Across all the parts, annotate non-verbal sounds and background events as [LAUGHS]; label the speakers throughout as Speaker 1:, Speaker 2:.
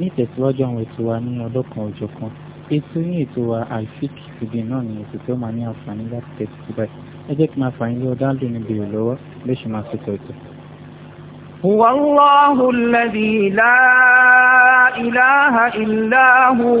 Speaker 1: ní ìtẹ̀síwájú àwọn ètò wa ní ọdún kan ọjọ́ kan ètò ní ètò wa alfik tv náà ni ètò tí máa ní àǹfààní láti tẹ̀sí sí báyìí ẹ jẹ́ kí máa fà yín lé ọdá lónìí bèrè lọ́wọ́ lóṣù
Speaker 2: máa ṣe tọ̀tọ̀.
Speaker 3: هو الله الذي لا إله إلا هو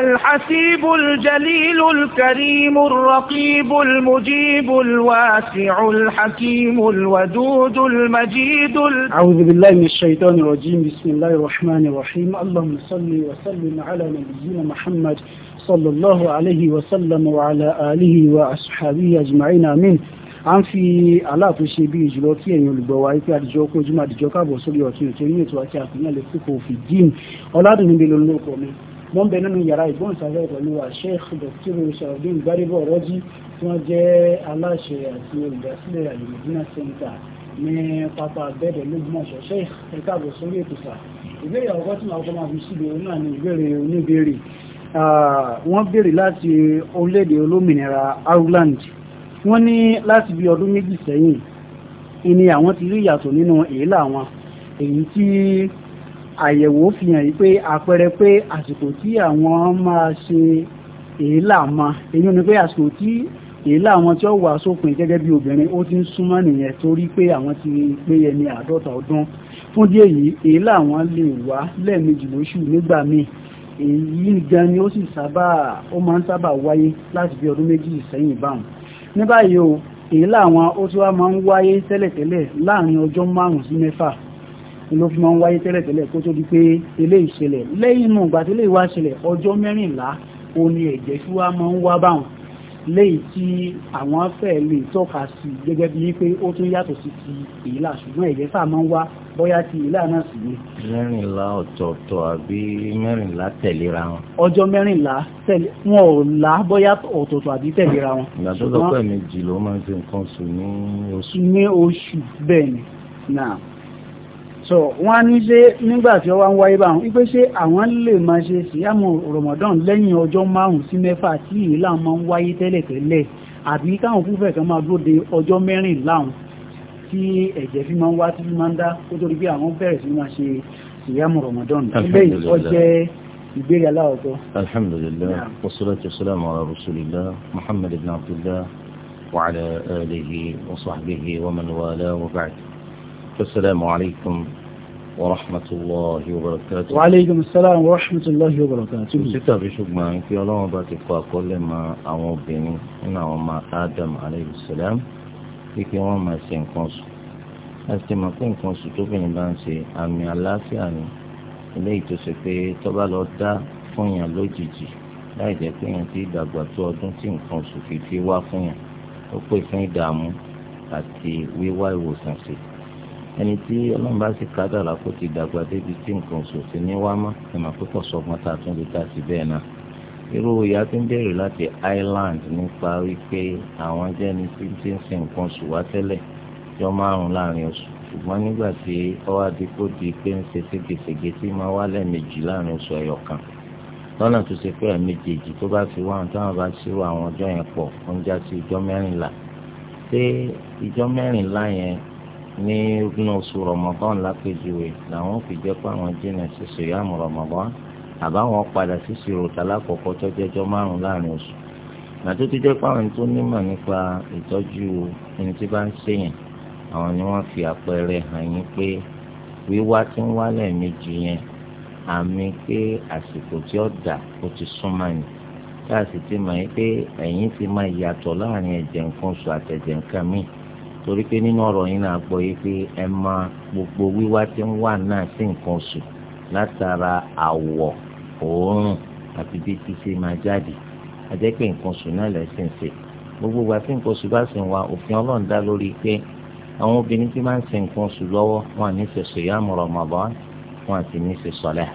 Speaker 3: الحسيب الجليل الكريم الرقيب المجيب الواسع الحكيم الودود المجيد
Speaker 2: أعوذ بالله من الشيطان الرجيم بسم الله الرحمن الرحيم اللهم صل وسلم على نبينا محمد صلى الله عليه وسلم وعلى آله وأصحابه أجمعين آمين à ń fi aláàtúnṣe bí jùlọ kí ẹ̀yin olùgbọ́ wa ipe àdìjọ kó ojúmọ́ àdìjọ káàbọ̀ sórí ọ̀tún ètò yìí ètò àti àfihàn lè fipò fìdí ọ̀làdùnúbẹ̀ lónìí ọkọ̀ mi. wọ́n bẹ nínú yàrá ìgbóhùnsáfẹ́ pẹ̀lú Sheikh Dr. sọ̀rọ̀dún gbárígbó ọ̀rọ́jì tí wọ́n jẹ́ aláṣẹ àti olùdásílẹ̀ alimọ̀dínà center ní pápá abẹ́ẹ̀dẹ̀ lójúmọ̀ṣọ́ Sheikh ẹ̀ka àbọ̀ sórí ètò sà ìbéèrè àkọ́kọ́ tí màá kọ́ máa fi síbi òun náà ní ìbéèrè oníbéèrè wọ́n béèrè láti orílẹ̀-èdè olómìnira Ireland wọ́n ní láti bí ọdún méjì sẹ́yìn ìní àwọn ti rí ìyàtọ̀ nínú èélà wọn èyí tí àyẹ̀wò fi hàn yí pé àpẹẹrẹ pé àsìkò tí àwọn máa ṣe èélà ma èyí ni pé àsìkò tí èélà àwọn tí ó wà sópin gẹ́gẹ́ bí obìnrin ó ti ń súnmọ́ nìyẹn torí pé àwọn ti pé ẹni àádọ́ta ọdún fún díẹ̀ yìí èélà àwọn lè wá lẹ́ẹ̀mejì lóṣù nígbà míì èyí gan ni ó sì sábà ó máa ń sábà wáyé láti bí ọdún méjì sẹ́yìn báwọn ní báyìí o èélà àwọn ó ti wá máa ń wáyé tẹ́lẹ̀tẹ́lẹ̀ láàrin ọjọ́ márùn-ún sí mẹ́fà ló fi máa ń wáyé tẹ́lẹ̀tẹ́lẹ̀ kó tó di pé eléyìí ṣẹlẹ̀ lẹ́yìn inú ìgbà tí eléyìí wá ṣẹlẹ̀ ọjọ́ mẹ́rìnlá ó ní ẹ̀jẹ̀ tí wá máa ń wá báwọn léyìí tí àwọn fẹ́ lè tọ́ka sí gẹ́gẹ́ bí pé ó tún yàtọ̀ sí ti èyílà ṣùgbọ́n ẹ̀jẹ̀ sáà máa ń wá bóyá ti èyílà náà sì ni.
Speaker 1: mẹ́rìnlá ọ̀tọ̀ọ̀tọ̀ àbí mẹ́rìnlá tẹ̀léra wọn.
Speaker 2: ọjọ́ mẹ́rìnlá tẹ̀lé wọn ò lá
Speaker 1: bóyá ọ̀tọ̀ọ̀tọ̀ àbí tẹ̀léra wọn. ìgbà tó lọ́pọ̀ ẹ̀mejì ló máa ń ṣe nǹkan sùn ní oṣù. ní oṣù bẹ́ẹ̀ ni
Speaker 2: náà so wọ́n ní ṣe nígbà tí ó wá ń wáyé bá wọn wípé ṣé àwọn lè máa ṣe síyàmù Ramadan lẹ́yìn ọjọ́ márùn-ún sí mẹ́fà tí ìlà máa ń wáyé tẹ́lẹ̀tẹ́lẹ̀ àbí káwọn kúfẹ̀ kan máa dúró de ọjọ́ mẹ́rin láwọn tí ẹ̀jẹ̀ fi máa ń wá tí fi máa ń dá kó tó di pé àwọn bẹ̀rẹ̀ sí máa ṣe síyàmù Ramadan ilé ìkọjẹ́ ìbéèrè aláwọ̀tọ́.
Speaker 1: alhamdulilayi wa salatu wa salamu muhammad ibn abdullah wa السلام عليكم ورحمة الله وبركاته وعليكم السلام ورحمة الله وبركاته síta fi ṣùgbọ́n kí ọlọ́run bá ti kọ́ àkọọ́lẹ̀ mọ àwọn obìnrin nínú àwọn ọmọ Adam alayhi salam kí kí wọ́n máa ṣe nǹkan sùn a ti mọ̀ pé nǹkan sùn tóbìnrin bá ń ṣe àmì àlàáfíà ni eléyìí tó ṣe pé tó bá lọ dá fún yàn lójijì láì jẹ́ pé yàn ti dàgbà tó ọdún tí nǹkan sùn fi fi wá fún yàn ó pè fún ìdààmú àti wíwá ìwòsàn sí i ẹni tí ọlọ́run bá sì kádàrà kó ti dàgbà débi tí nǹkan oṣù ti ní wá mọ́ ẹ̀mà púpọ̀ sọ́gbọ́n tá a tún lè dá sí bẹ́ẹ̀ náà irú ìyá tó ń bẹ̀rẹ̀ láti Ireland nípa wípé àwọn jẹ́ni tí ń ti ń sin nǹkan oṣù wá tẹ́lẹ̀ jọ márùn-ún láàrin oṣù ṣùgbọ́n nígbà tí ọwọ́ àdìpọ̀ di pé ń ṣe ségesège tí máa wá lẹ́ẹ̀mejì láàrin oṣù ẹ̀yọ̀ lọ́nà tó ṣe pé ẹ̀ẹ̀mejèèjì tó bá fi wá táwọn bá ṣírò àwọn ọjọ́ yẹn pọ̀ ó ń já sí ìjọ́ mẹ́rìnlá ṣé ìjọ́ mẹ́rìnlá yẹn ní ogún oṣù rọmọbọ́n lápèjúwe làwọn fi jẹ́ pé àwọn jìnnà ṣiṣẹ́ yàmù rọmọbọ́n àbáwọn padà ṣiṣẹ́ rota lákọ̀ọ́kọ́ tó jẹ́jọ́ márùn láàrin oṣù nàtó ti jẹ́ pé àwọn tó nímọ̀ nípa ìtọ́jú ẹni tí bá ń ṣèyàn àwọn ni wọ́n fi àpẹẹrẹ hàn yín pé wíwá tí ń wá lẹ́ẹ̀mejì yẹn àmì pé àsìkò tí ó dà ó ti súnmọ́ ni tá a sì ti mọ̀ yín pé ẹ̀yin ti máa yàtọ̀ láàrin ẹ̀jẹ̀ nǹkan oṣù àtẹ̀jẹ̀ nǹkan míì torí pé nínú ọ̀rọ̀ yìí náà gbọ́ yìí pé ẹ máa gbogbo wíwá tí ń wà náà sí nǹkan oṣù látara àwọ̀ òórùn àti bí títí máa jáde àjẹ́ pé nǹkan oṣù náà lẹ́sìn ṣe gbogbo ìgbà tí nǹkan oṣù bá sì ń wa òfin ọlọ́run dá lórí pé àwọn obìnrin tí máa ń ṣe nǹkan oṣù lọ́wọ́ wọn à ní ṣe sòyàmù Ramadan wọn àti ní ṣe sọlẹ̀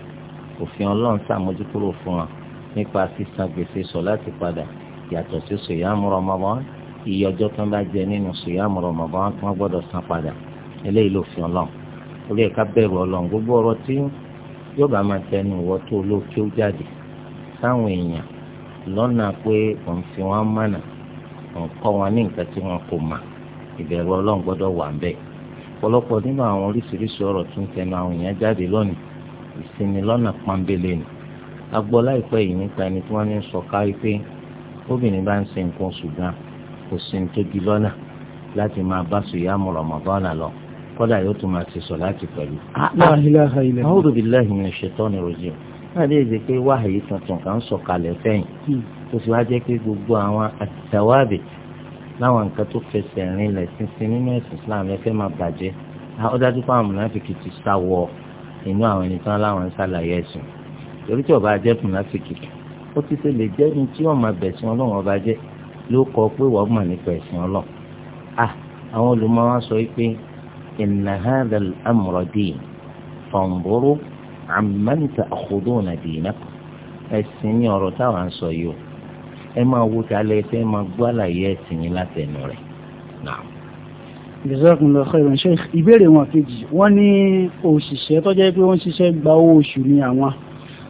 Speaker 1: òfin ọlọ́run ṣàmójúkúrò fún wọn nípa sísan gbèsè sọ láti padà yàtọ̀ sí sòyàmù Ramadan iye ọjọ́ tó ń bá jẹ nínú sùyàmù Ramadan tí wọ́n gbọ́dọ̀ san padà eléyìí ló fi ọlọ́run orí ẹ̀ka bẹ̀rù ọlọ́run gbogbo ọ̀rọ̀ tí yóò bá máa tẹnu ìwọ tó olóòkè ó jáde sáwọn èèyàn lọ́nà pé òun fi wọ́n mọ̀nà òun kọ́ wọn ní nǹkan tí wọ́n kò mà ìbẹ̀rù ọlọ́run gbọ́dọ̀ wà ń bẹ̀ ọ̀pọ̀lọpọ̀ nínú àwọn oríṣiríṣi ọ̀rọ̀ tó ń tẹnu àwọn èèyàn jáde lónìí ìsinmi lọ́nà pọ́nbélé ni agbọ́ láìpẹ́ yìí nípa ẹni tí wọ́n ní sọ kárí pé obìnrin bá ń ṣe nǹkan ṣùgbọ́n kò sí ní tó di lọ́nà láti máa bá sùyàmù Ramadan lọ kódà yóò tún máa ti sọ láti pẹ̀lú. Ah, a'udhu billahi minash shaitani rajim láti èdè pé wáhàyí tuntun kan sọ̀kalẹ̀ fẹ́yìn hmm. tó sì wá jẹ́ pé gbogbo àwọn àtàwábì láwọn nǹkan tó fẹsẹ̀ rìn lẹ̀ sínsìn nínú ẹ̀sìn Islam ẹ̀fẹ́ máa bàjẹ́ ó dájú pé àwọn mùnàfíkì ti sá wọ inú àwọn ẹni tán láwọn ń ṣàlàyé ẹ̀sìn torí tí ọba jẹ́ mùnàfíkì ó ti ṣe lè jẹ́ ní tí ọmọ bẹ̀sìn ọlọ́run ọba jẹ́ ló kọ pé wọ́n mọ̀ nípa ẹ̀sìn ọlọ́ à àwọn olùmọ̀ wa sọ pé inna hadha al-amra din fanzuru amman ta'khuduna dinakum ẹ̀sìn ní ọ̀rọ̀ táwọn ń sọ yìí o ẹ máa wo ta lẹ fẹ́ máa gbọ́ àlàyé ẹ̀sìn yín látẹnu rẹ̀ náà.
Speaker 2: Jazakumullah khairan Sheikh ìbéèrè wọn kejì wọ́n ní òṣìṣẹ́ tó pé wọ́n ṣiṣẹ́ gba owó oṣù ní àwọn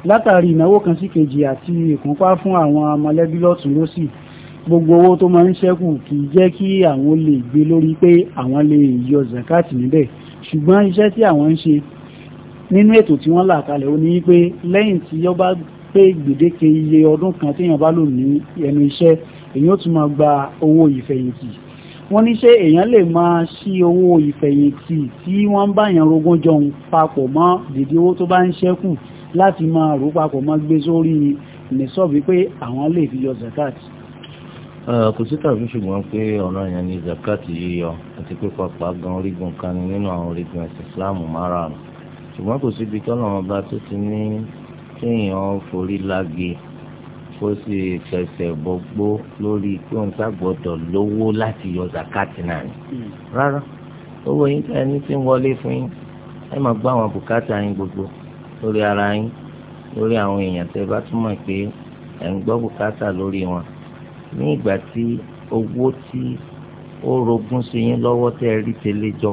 Speaker 2: látàrí ìnáwó kan sí kejì àti ìkúnpá fún àwọn mọ̀lẹ́bí lọ́tún lọ́sì gbogbo owó tó máa ń ṣẹ́kù kì í jẹ́ kí àwọn lè gbé lórí pé àwọn lè yọ zakat níbẹ̀ ṣùgbọ́n iṣẹ́ tí àwọn ń ṣe nínú ètò tí wọ́n là kalẹ̀ ó ní pé lẹ́yìn tí ó bá pé gbèdéke iye ọdún kan téèyàn bá lò ní ẹnu iṣẹ́ èyàn ó tún máa gba owó ìfẹ̀yìntì wọ́n ní ṣé èyàn lè máa ṣí owó ìfẹ̀yìntì tí wọ́n ń báyàn rogún jọun papọ̀ mọ́ dèdè owó tó bá ń ṣẹ́kù láti máa rò papọ̀ mọ́ gbé sórí nìṣọ́ọ̀bù pé àwọn lè fi yọ zakat
Speaker 1: kò sí tàbí ṣùgbọ́n pé ọ̀nà yẹn ni zakati yíyọ àti pé pàápàá gan orígun kan ni nínú àwọn orígun ẹ̀sìn Islam márùn-ún ṣùgbọ́n kò síbi tọ́lọ̀ ọba tó ti ní kéèyàn forí lágé kó sì fẹsẹ̀ bọ́gbó lórí pé òun ṣàgbọ́dọ̀ lówó láti yọ zakati náà ni rárá owó yín tẹ́ ẹni tí ń wọlé fún yín ẹ máa gbọ́ àwọn bùkátà yín gbogbo lórí ara yín lórí àwọn èèyàn tẹ́ bá túmọ̀ pé ẹ̀ ń gbọ́ bùkátà lórí wọn ní ìgbà tí owó tí ó rogún sí yín lọ́wọ́ tẹ́ rí tẹ́lẹ̀ jọ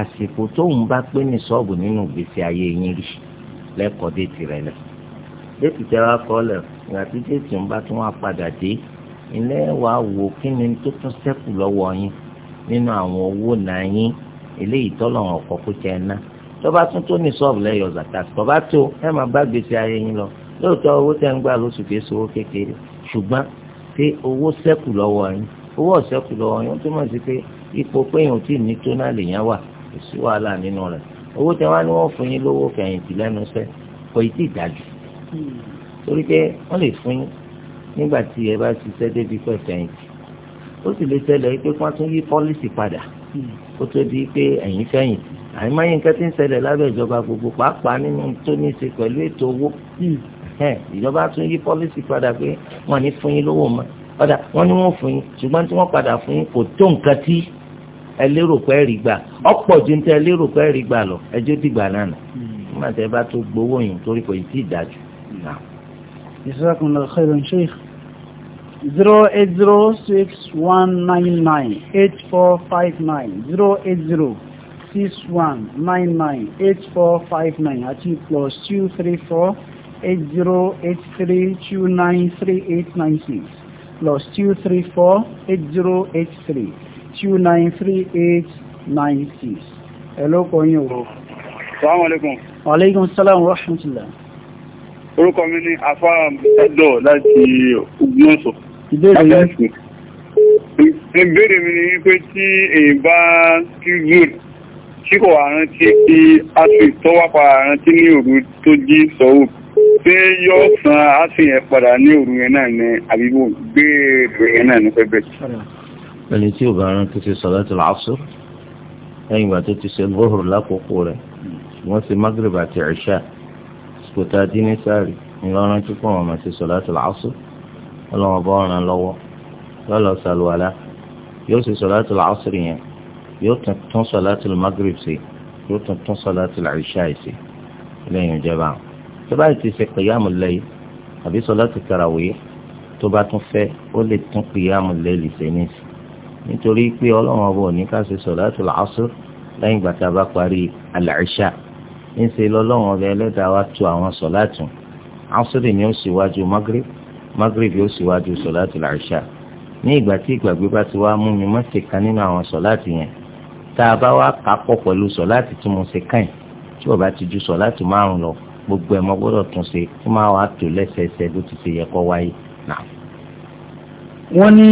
Speaker 1: àsìkò tóun bá pé ní sọ́ọ̀bù nínú ìgbésí ayé yín rí lẹ́kọ̀ọ́ dé tirẹ̀ lẹ̀ déètì tẹ́ wá kọ́ lẹ̀ ìgbà tí déètì ń bá tún wá padà dé ilé wa wò kí ni tó tún ṣẹ́kù lọ́wọ́ yín nínú àwọn owó náà yín eléyìí tọ́lọ̀ràn ọ̀kọ́ kó tẹ ẹ ná tọ́ba tún tó ní sọ́ọ̀bù lẹ́yọ̀ zakat tọ́ba tó ẹ máa bá gbèsè ayé yín lọ lóòótọ́ owó tẹ́ ń gbà lóṣù kìí kékeré ṣùgbọ́n pé owó ṣẹ́kù lọ́wọ́ yín owó ọ̀ṣẹ́kù lọ́wọ́ yín ó túmọ̀ sí pé ipò péyàn tí ì ní tó náà lèèyàn wà kò sí wàhálà nínú rẹ̀ owó tẹ wá ní wọ́n fún yín lówó fẹ̀yìntì lẹ́nu iṣẹ́ kò ì tí ì dájú torí pé wọ́n lè fún yín nígbà tí ẹ bá ṣiṣẹ́ débi pẹ̀ fẹ̀yìntì ó sì lè ṣẹlẹ̀ pé wọ́n tún yí pọ́lísì padà ó tó di pé ẹ̀yìn fẹ̀yìntì àyìnmáyé nǹkan tí ń ṣẹlẹ̀ lábẹ́ ìjọba gbogbo pàápàá nínú tó ní í ṣe pẹ̀lú ètò owó ìjọba tún yí pọ́lísì padà pé wọ́n ní fún yín lówó mọ́ ọ̀dà wọ́n ní wọ́n fún yín ṣùgbọ́n tí wọ́n padà fún yín kò tó nǹkan tí ẹ lérò pé ẹ rí gbà ọ̀pọ̀ ju ní tẹ ẹ lérò pé ẹ rí gbà lọ ẹjọ́ dìgbà náà nà hmm. nígbà tẹ bá tó gbowó yìí torí kò tí ì dájú.
Speaker 2: Jazakumullahu khairan Sheikh. zero eight zero six one nine nine eight four five nine zero eight zero six one nine nine eight four five nine àti plus two three four. 8083293896 plus 2348083293896. Hello, kọ́yìn o.
Speaker 3: Assalamu alaikum.
Speaker 2: Wa alaikum salam wa
Speaker 4: rahmatullah. Orúkọ mi ni Afá Mùsàdọ̀ láti Ògbómọ̀ṣọ́. Ìbéèrè yìí. Ìbéèrè mi ni wípé tí èyí bá kí Zúrì tí kò wà rántí kí Asri tó wà pa rántí ní òru tó jí sọ́wọ́ pé yóò san á sì yẹn padà ní òru yẹn náà ni àbíbò gbéèrè yẹn náà ní pẹ́pẹ́.
Speaker 1: ẹni tí ò bá rán tó ti sọ̀rọ̀ lásù lẹ́yìn ìgbà tó ti ṣe lóhùrù lákòókò rẹ̀ wọ́n ti magreb àti ẹ̀ṣà kòtà dínísàrì ńlọrọ̀ tó kọ́ ọ̀mọ̀ ti sọ̀rọ̀ lásù ọlọ́wọ́n bá ọ̀ràn lọ́wọ́ lọ́lọ́ sàlùwàlá yóò ṣe sọ̀rọ̀ lásù yẹn yóò tún sọ̀rọ̀ magreb sí yóò tún sọ̀rọ̀ àìṣà sí lẹ́yìn ìjọba tó bá ti ṣe kìyàmù lẹ́yìn àbí sọlá ti kàràwé tó bá tún fẹ́ ó lè tún kìyàmù lẹ́yìn sẹ́nìsì nítorí pé ọlọ́run ọba ò ní ká ṣe sọ̀látul asr lẹ́yìn ìgbà tá a bá parí al-isha ń ṣe lọ́lọ́run ọba ẹlẹ́dàá wa tu àwọn sọ̀látù asúrì ni ó ṣíwájú magrib magrib yóò ṣíwájú sọ̀látul isha ní ìgbà tí ìgbàgbé bá ti wá mú mi má ṣe kan nínú àwọn sọ̀látù yẹn tá a bá wá kà pọ̀ pẹ̀lú sọ̀látù tí mo ṣe kàn tí ó ti ju sọ̀látù márùn lọ gbogbo ẹ̀ mọ́ gbọ́dọ̀ tún ṣe kó máa wàá tò lẹ́sẹẹsẹ bó ti ṣe yẹ kó wáyé náà.
Speaker 2: wọ́n ní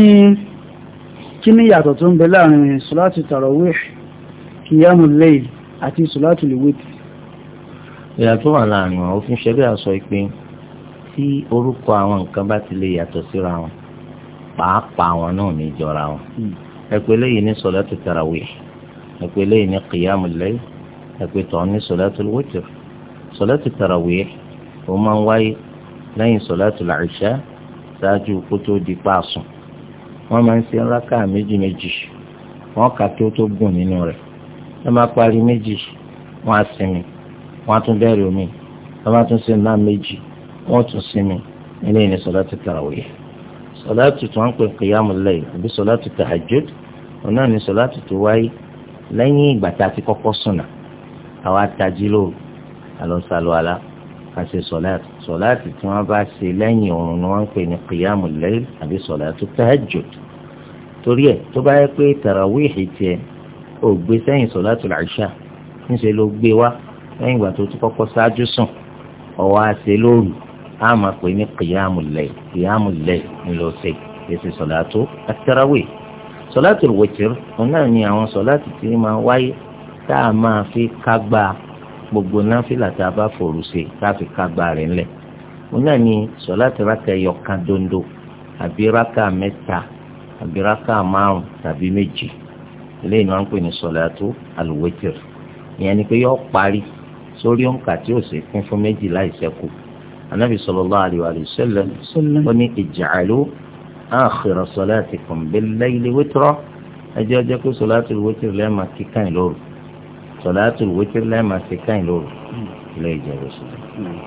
Speaker 2: kí ni yàtọ̀ tó ń bẹ láàrin sùláàtì tarawih kìyàmù layl àti sùláàtì lìwítì.
Speaker 1: ìyàtọ̀ wà láàrin wọn òfin ṣẹ́bí àṣọ ìpín tí orúkọ àwọn nǹkan bá ti lè yàtọ̀ síra wọn pàápàá wọn náà ní ìjọra wọn. ẹ lẹ́yìn ní sùláàtì tarawih ẹ pé lẹ́yìn ní kìyàmù layl ẹ pé tọ́ ní sùláàtì lìwítì sọ̀látù tarawih ó máa ń wáyé lẹ́yìn sọ̀látù làìṣá ṣáájú kó tó di paasùn wọ́n máa ń ṣe rákà méjì méjì wọ́n kà kí ó tó gùn nínú rẹ̀ wọ́n máa parí méjì wọ́n á sinmi wọ́n á tún bẹ̀rẹ̀ omi wọ́n máa tún ṣe náà méjì wọ́n tún sinmi ilé ní sọ̀látù tarawih sọ̀látù tó ń pè kíyàmù láyl àbí sọ̀látù tahajjud òun náà ní sọ̀látù tó wáyé lẹ́yìn ìgbà tá a ti kọ́kọ́ sùn náà àwa tají lóru alọ́sàlùwàlà kàṣe sọ̀láàtì sọ̀láàtì tí wọ́n bá ṣe lẹ́yìn òun ni wọ́n ń pè ní kìyàmù lẹ́yìn àbí sọ̀láàtì tahajjud torí ẹ̀ tó bá yẹ pé tàràwíìhì tiẹ̀ ò gbé sẹ́yìn sọ̀láàtì làṣà ńṣe ló gbé wá lẹ́yìn ìgbà tó ti kọ́kọ́ ṣáájú sùn ọ̀wọ́ àṣẹ lóru á máa pè ní kìyàmù lẹ́yìn kìyàmù lẹ́yìn ńlọ sí èsì sọ̀láàtì tàràwíìhì sọ̀láàtì wòtìr òun ni àwọn sọ̀láàtì tí máa wáyé tá a máa fi kágbá gbogbo náfìlà tá a bá fòrò ṣe káfí kágbá rẹ̀ ńlẹ̀ wọn náà ní sọláàtì rákà ẹyọkan dondo àbí rákà mẹ́ta àbí rákà márùn tàbí méjì eléyìí ni wọn ń pè ní sọláàtù alùwẹtìr ìyẹn ni pé yọ parí sórí òǹkà tí ó sì kún fún méjì láì ṣẹ́kù anabi sallallahu alaihi wa ó ní ij'alu akhira salatikum bil layli witra ẹjẹ ọjọ pé sọláàtù alùwẹtìr lẹẹma kíkàn lóru sọ̀láàtù wítìrì lẹ́ẹ̀ma ṣe káyìn lóru hmm. ilé ìjẹun sí. Hmm.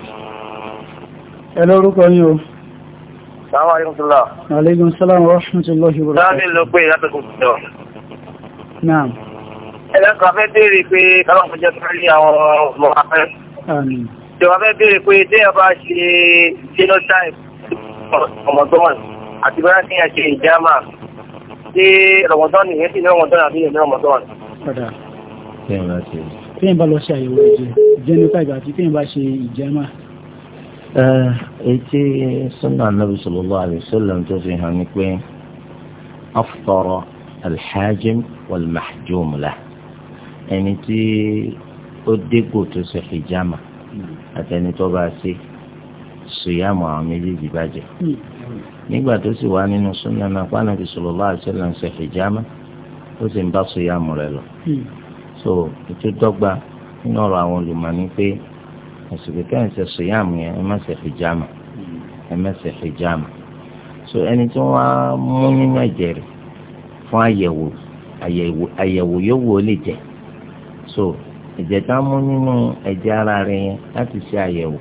Speaker 4: ẹ lórúkọ yín o. Assalamu alaikum salaam.
Speaker 2: Alaikum salaam wa rahmatullahi wa barakatuh. Láàrín
Speaker 4: ló pé látọ̀kùn jọ.
Speaker 2: Náà.
Speaker 3: Ẹlẹ́kọ̀ọ́ afẹ́ béèrè pé kálọ̀ fún jẹ́ sórí àwọn ọmọ afẹ́. Ìjọba afẹ́ béèrè pé téèyàn bá ṣe genotype ọmọdọ́mọ̀ àti
Speaker 4: bẹ́rẹ̀ tí a ṣe ìjàmà sí ọmọdọ́nì yẹn sì ní ọmọdọ́nì àbí ìyẹn
Speaker 2: ní téèyàn bá ṣe. téèyàn bá lọ ṣe àyẹ̀wò ẹ̀jẹ̀ genotype àti téèyàn bá ṣe
Speaker 1: ìjẹ́mà. etí sunna anabi sallallahu alaihi wasallam tó fi hàn ní pé aftara alhajim walmahjum la ẹni tí ó dégò tó ṣe hijama àtẹni tó bá ṣe sùyàmù àwọn méjèèjì bàjẹ́ nígbà tó sì wá nínú sunna náà pàánà fi sallallahu alaihi wasallam ó sì ń bá sùyàmù rẹ̀ lọ so ètò dọ́gba nínú ọ̀rọ̀ àwọn olùmọ̀ ni pé àsìkò kẹ́hìn ṣe sòyàmù yẹn ẹ má ṣe hijama ẹ má ṣe hijama so ẹni tí wọ́n á mú nínú ẹ̀jẹ̀ rẹ̀ fún àyẹ̀wò àyẹ̀wò àyẹ̀wò yóò wò ó lè jẹ́ so ẹ̀jẹ̀ tá a mú nínú ẹ̀jẹ̀ ara rẹ̀ yẹn láti ṣe àyẹ̀wò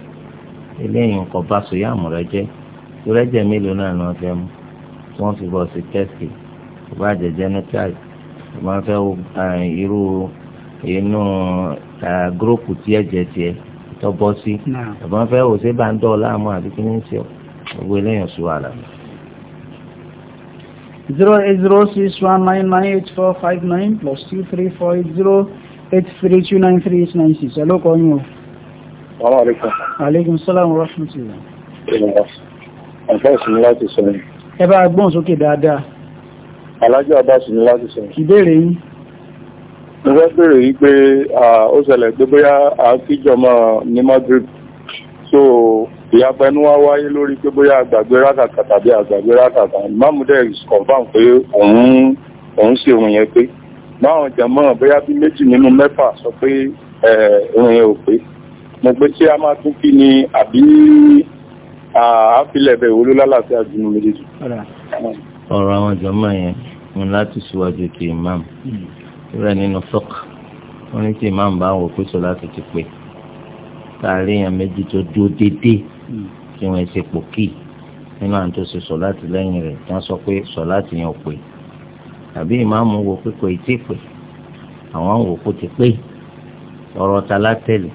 Speaker 1: eléyìí nǹkan bá sòyàmù rẹ̀ jẹ́ ìrẹ́jẹ̀ mélòó náà ni wọ́n fẹ́ mú tí wọ́n fi bọ̀ sí tẹ́sì ìbá jẹjẹ́ nítàì fẹ́ irú inú gúrúùpù tí ẹ̀jẹ̀ tiẹ̀ tó bọ́ sí ẹ̀bọ́n fẹ́ wò sí bá ń dọ̀ láàmú àbí kí ní ń ṣe gbogbo eléyàn sí wàhálà. zero eight zero six one nine nine eight four five nine plus two three
Speaker 2: four eight zero eight three two nine three eight nine six ẹ ló kọ́ yín o. Àwọn àríkà. Àlékún sọ́lámù rọ́ṣùn ti
Speaker 4: rẹ̀. Ẹ̀fẹ́ ìsinmi láti sọ ni.
Speaker 2: Ẹ bá gbọ́n sókè dáadáa.
Speaker 4: Alájọ́ àbá ìsinmi láti sọ. Ìbéèrè yín mo fẹ́ bèrè yìí pé ó ṣẹlẹ̀ pé bóyá a kíjọmọ ní Madrid so ìyapẹnu wa wáyé lórí pé bóyá àgbàgbé rákàkà tàbí àgbàgbé rákàkà ìmáàmù dẹ̀ confam pé òun òun ṣe òun yẹn pé báwọn jẹ̀mọ́ bóyá bí méjì nínú mẹ́fà sọ pé òun yẹn ò pé mo pé tí a máa tún kí ni àbí àáfilẹ̀ bẹ̀ wò ló lálàáfíà jù nínú méjèèjì.
Speaker 1: ọ̀rọ̀ àwọn jọ̀mọ́ yẹn ni láti síwájú ti ìmáàmù. Hmm rẹ̀ nínú sọ́ọ̀kì wọ́n ní tí ìmáàmù bá wò pé sọlá ti ti pè káàrí èèyàn méjì tó dúró déédéé tí wọ́n ṣe pò kì nínú àwọn tó ṣe sọlá ti lẹ́yìn rẹ̀ tí wọ́n sọ pé sọlá ti yàn pè tàbí ìmáàmù wò pé kò tí ì pè àwọn wò kó ti pè ọ̀rọ̀ ta látẹ̀lẹ̀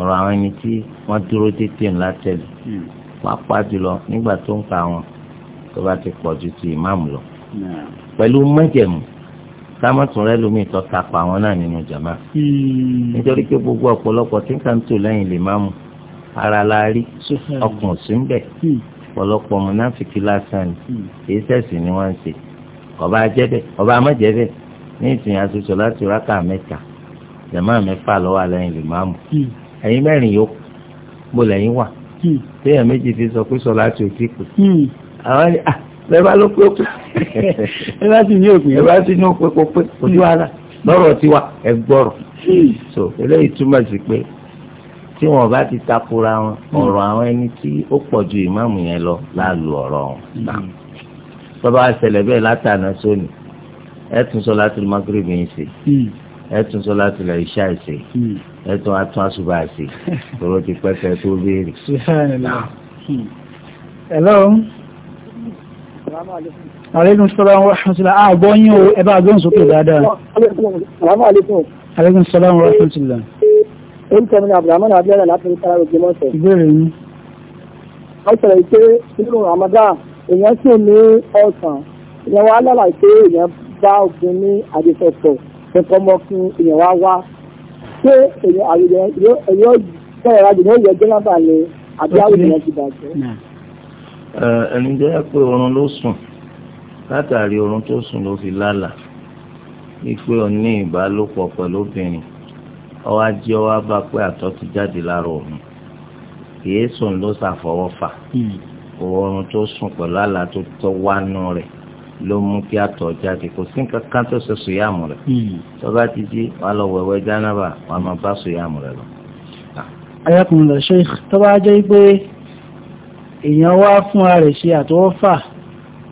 Speaker 1: ọ̀rọ̀ àwọn ẹni tí wọ́n dúró déédéé ńlá tẹ̀lẹ̀ pàápàá jùlọ nígbà tó ń ka wọn tó bá ti pọ̀ ju ti ìmáàmù lọ pẹ̀lú mẹ́jẹ̀mú kámọ́tún rẹ lómi ìtọ́ tapọ̀ àwọn náà nínú jàmá.
Speaker 5: Hmm. nítorí
Speaker 1: pé gbogbo ọ̀pọ̀lọpọ̀ tí nǹkan tó lẹ́yìn lè máa mú ara la rí ọkàn sí ń bẹ̀ hmm. ọ̀pọ̀lọpọ̀ mọ̀náfìkì lásán ni hmm. kì í sẹ̀sìn ni wọ́n ń ṣe ọba jẹ́bẹ̀ ọba amọ̀jẹ́bẹ̀ ní ìsìn àtúntò láti rákà mẹ́ta jàmá mẹ́fà lọ́wọ́ lẹ́yìn lè máa mú. ẹ̀yin mẹ́rin yòókù bó lẹ́yìn wà téèyàn méjì fi sọ pé sọ láti òtí lẹ́bá ló pé pé lẹ́bá [LAUGHS] sì ní òpin lẹ́bá sì ní òpin kó pé ojú ara lọ́rọ̀ tiwa ẹ gbọ́rọ̀ hmm. so eléyìí túmọ̀ sí pé tí wọn bá ti takora wọn hmm. ọ̀rọ̀ àwọn ẹni tí ó pọ̀ ju ìmáàmù yẹn lọ láàlú ọ̀rọ̀ wọn náà hmm. bàbá àṣẹlẹ̀ bẹ́ẹ̀ látànà sóni ẹ tún sọ láti mọ́gírìbì yìí sí ẹ tún sọ láti lọ iṣẹ́ àìsè ẹ tún á tún àṣùbà àìsè [LAUGHS] tòró ti pẹ́ fẹ́ tó béèrè. hello.
Speaker 2: Àlẹ́gùn sọ́lá wọn rọ̀ṣùnsílá àgbọ́ yín o ẹbá àgbọ́n sókè dáadáa. Àlẹ́gùn sọ́lá wọn rọ̀ṣùnsílá. Orúkọ mi ni Abdulrahman Abdullahi láti ní Tara Ògbé Mọ́sẹ̀. Ìbéèrè yín. Wọ́n sọ̀rọ̀ pé nínú Ramadan, èèyàn sì ní ọ̀sán. Ìyẹn wa lára pé èèyàn bá ògùn ní àdìsọ̀tọ̀ ẹ̀kọ́ mọ́kún èèyàn wá wá. Ṣé èèyàn àwùjọ yóò bẹ̀rẹ̀
Speaker 1: ẹni jẹ́ pé oorun ló sùn látàrí oorun tó sùn ló fi lálà wípé ó ní ìbálòpọ̀ pẹ̀lú obìnrin ọwọ́ ajé ọwọ́ bá pé àtọ̀ ti jáde lára òun kìí sùn ló ṣàfọwọ́ fà hmm. oorun tó sùn pẹ̀lú àlá tó tọ́ wánú rẹ̀ ló mú kí àtọ̀ jáde kò sí nǹkan kan tó ṣe sùyàmù rẹ̀ hmm. tó bá ti jí wà lọ wẹ̀wẹ̀ jánábà wà máa bá sùyàmù rẹ̀ lọ.
Speaker 2: ayakunle sheikh tó bá jẹ́ èèyàn wá fún ara rẹ̀ ṣe àtọwọ́fà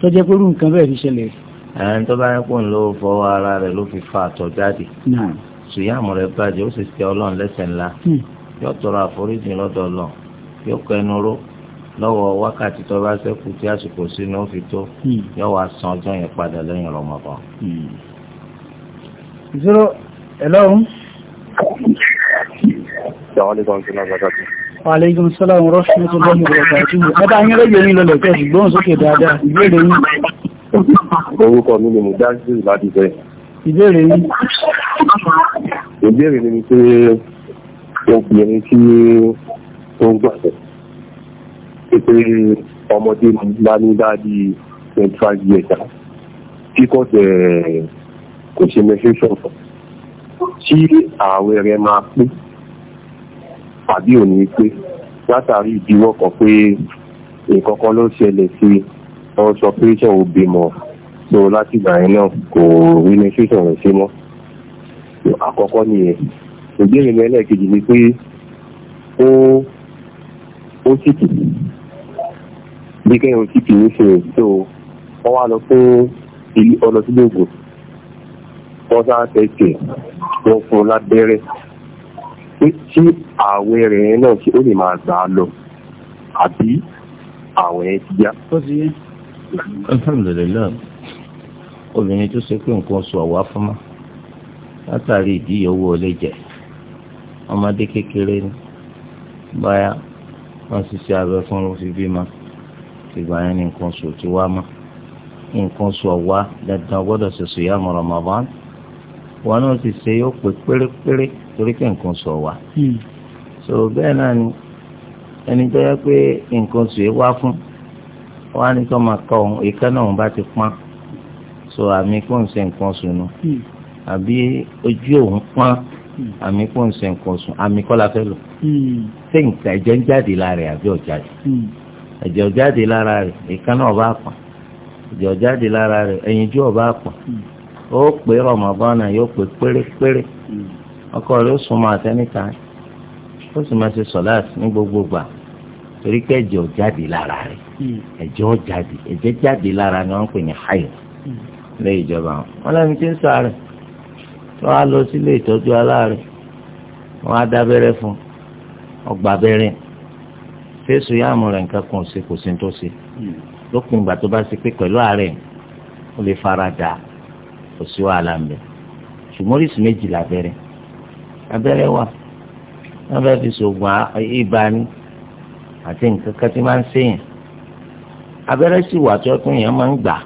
Speaker 2: tó jẹ́ pé irú nǹkan bẹ́ẹ̀ fi ṣẹlẹ̀.
Speaker 1: ẹ̀ẹ́n tó bá yẹ kó ń lo fọwọ́ ara rẹ̀ ló fi fa àtọ̀ jáde ṣùyàmù rẹ̀ bàjẹ́ ó sì tẹ ọlọ́run lẹ́sẹ̀ ńlá hmm. yóò tọrọ àforíjì lọ́dọ̀ lọ yóò kẹnu ró lọ́wọ́ wákàtí tó bá ṣẹ́kù tí àsìkò sínú ó fi tó hmm. yóò wá san ọjọ́ yẹn padà lẹ́yìn Ramadan. Hmm.
Speaker 5: zero
Speaker 2: hello.
Speaker 1: sàwọn ní kan sí náà gbàgbà tó.
Speaker 2: Àlẹ́gùn sọ́lọ́run rọ́ṣùn tó bọ́ mọ̀rọ̀ ọ̀tàjú. Ẹbá yín rẹ́gbẹ̀ yín lọlẹ̀ pẹ́ ìgbóhùn sókè dáadáa. Ìbéèrè yín.
Speaker 4: Orúkọ mi ni Mùdájú láti fẹ́. Ìbéèrè yín. Ìbéèrè ni pé obìnrin tí ó ń gbàtẹ̀. Pé ọmọdé bá ní bá di 25 years. Kíkọ́ tẹ̀ kò ṣe menstruation fún. Tí ààwẹ̀ rẹ̀ máa pín àbí òní pé látàrí ìdíwọ́ kan pé nǹkan kan ló ṣẹlẹ̀ sí wọ́n sọ pé ṣe ò bímọ so láti ìgbà yẹn náà kò rí ní ṣíṣàn rẹ̀ sí mọ́ àkọ́kọ́ nìyẹn ìbéèrè mi ẹlẹ́ẹ̀kejì ni pé ó ó tìkì bí kẹ́hìn tìkì ní ṣe so wọ́n wá lọ fún ọlọ́sílẹ̀ wọ́n sá tẹ̀sẹ̀ wọ́n fún un lábẹ́rẹ́ pé tí ààwẹ̀ rẹ̀ náà tí ó lè
Speaker 1: máa gbà á lọ àbí ààwẹ̀ ti yá. alhamdulilayi obìnrin tó ṣe pé nǹkan oṣù ọ̀wá fún ma látàrí ìdíyẹ̀wò ọ̀lẹ́ jẹ ọmọdé kékeré ni báyà wọ́n ṣiṣẹ́ abẹ fún fi bímọ ìgbà yẹn ni nǹkan oṣù ti wá mọ́ nǹkan oṣù ọ̀wá dandan gbọ́dọ̀ ṣe sùyàmù Ramadan wọn náà sì ṣe yóò pé pérépéré torí pé nǹkan sọ wa. Hmm. so bẹ́ẹ̀ náà ni ẹni tó yẹ pé nǹkan sọ wá fún wọn á ní kí wọn máa kọ ohun ìka náà wọn bá ti pọ́n so àmì kò ń ṣe nǹkan sùn nù hmm. àbí ojú òun pọ́n hmm. àmì kò ń ṣe nǹkan sùn àmì kọ́ la fẹ́ lò ṣé nǹkan ẹ̀jẹ̀ ń jáde lára rẹ̀ àbí ọ̀jáde ẹ̀jẹ̀ ọ̀jáde lára rẹ̀ ìka náà ọba àpọ̀n ẹ̀jẹ̀ ọ̀jáde lára rẹ̀ ẹ̀yinjú ọba àpọ̀n ó pè rọmọbọnà yóò pè pérépéré ọkọ rẹ ó súnmọ́ àtẹnìta ó sì máa ṣe sọláàtì ní gbogbo gbà torí pé ẹ̀jẹ̀ ò jáde lára rẹ ẹ̀jẹ̀ ò jáde ẹ̀jẹ̀ jáde lára ni wọn pè ní hayo lé ìjọba wọn lẹni tí ń sáré tó wá lọ sílé ìtọ́jú aláàrẹ̀ wọn á dábẹ́rẹ́ fún ọgbà abẹ́rẹ́ fésù yá àmọ́ rẹ̀ nǹkan kan ò kò sí ní tó ṣe lópin ìgbà tó bá ṣe pé pẹ̀lú àárẹ̀ ó lè fara dà kò sí wàhálà ń bẹ ṣùgbọ́n oríṣi méjì lábẹ́rẹ́ abẹ́rẹ́ wà wọ́n fẹ́ẹ́ fi ṣoògùn ibà ni àti nǹkan kan tí máa ń ṣèyàn abẹ́rẹ́ sì wà tí ọtún yẹn máa ń gbà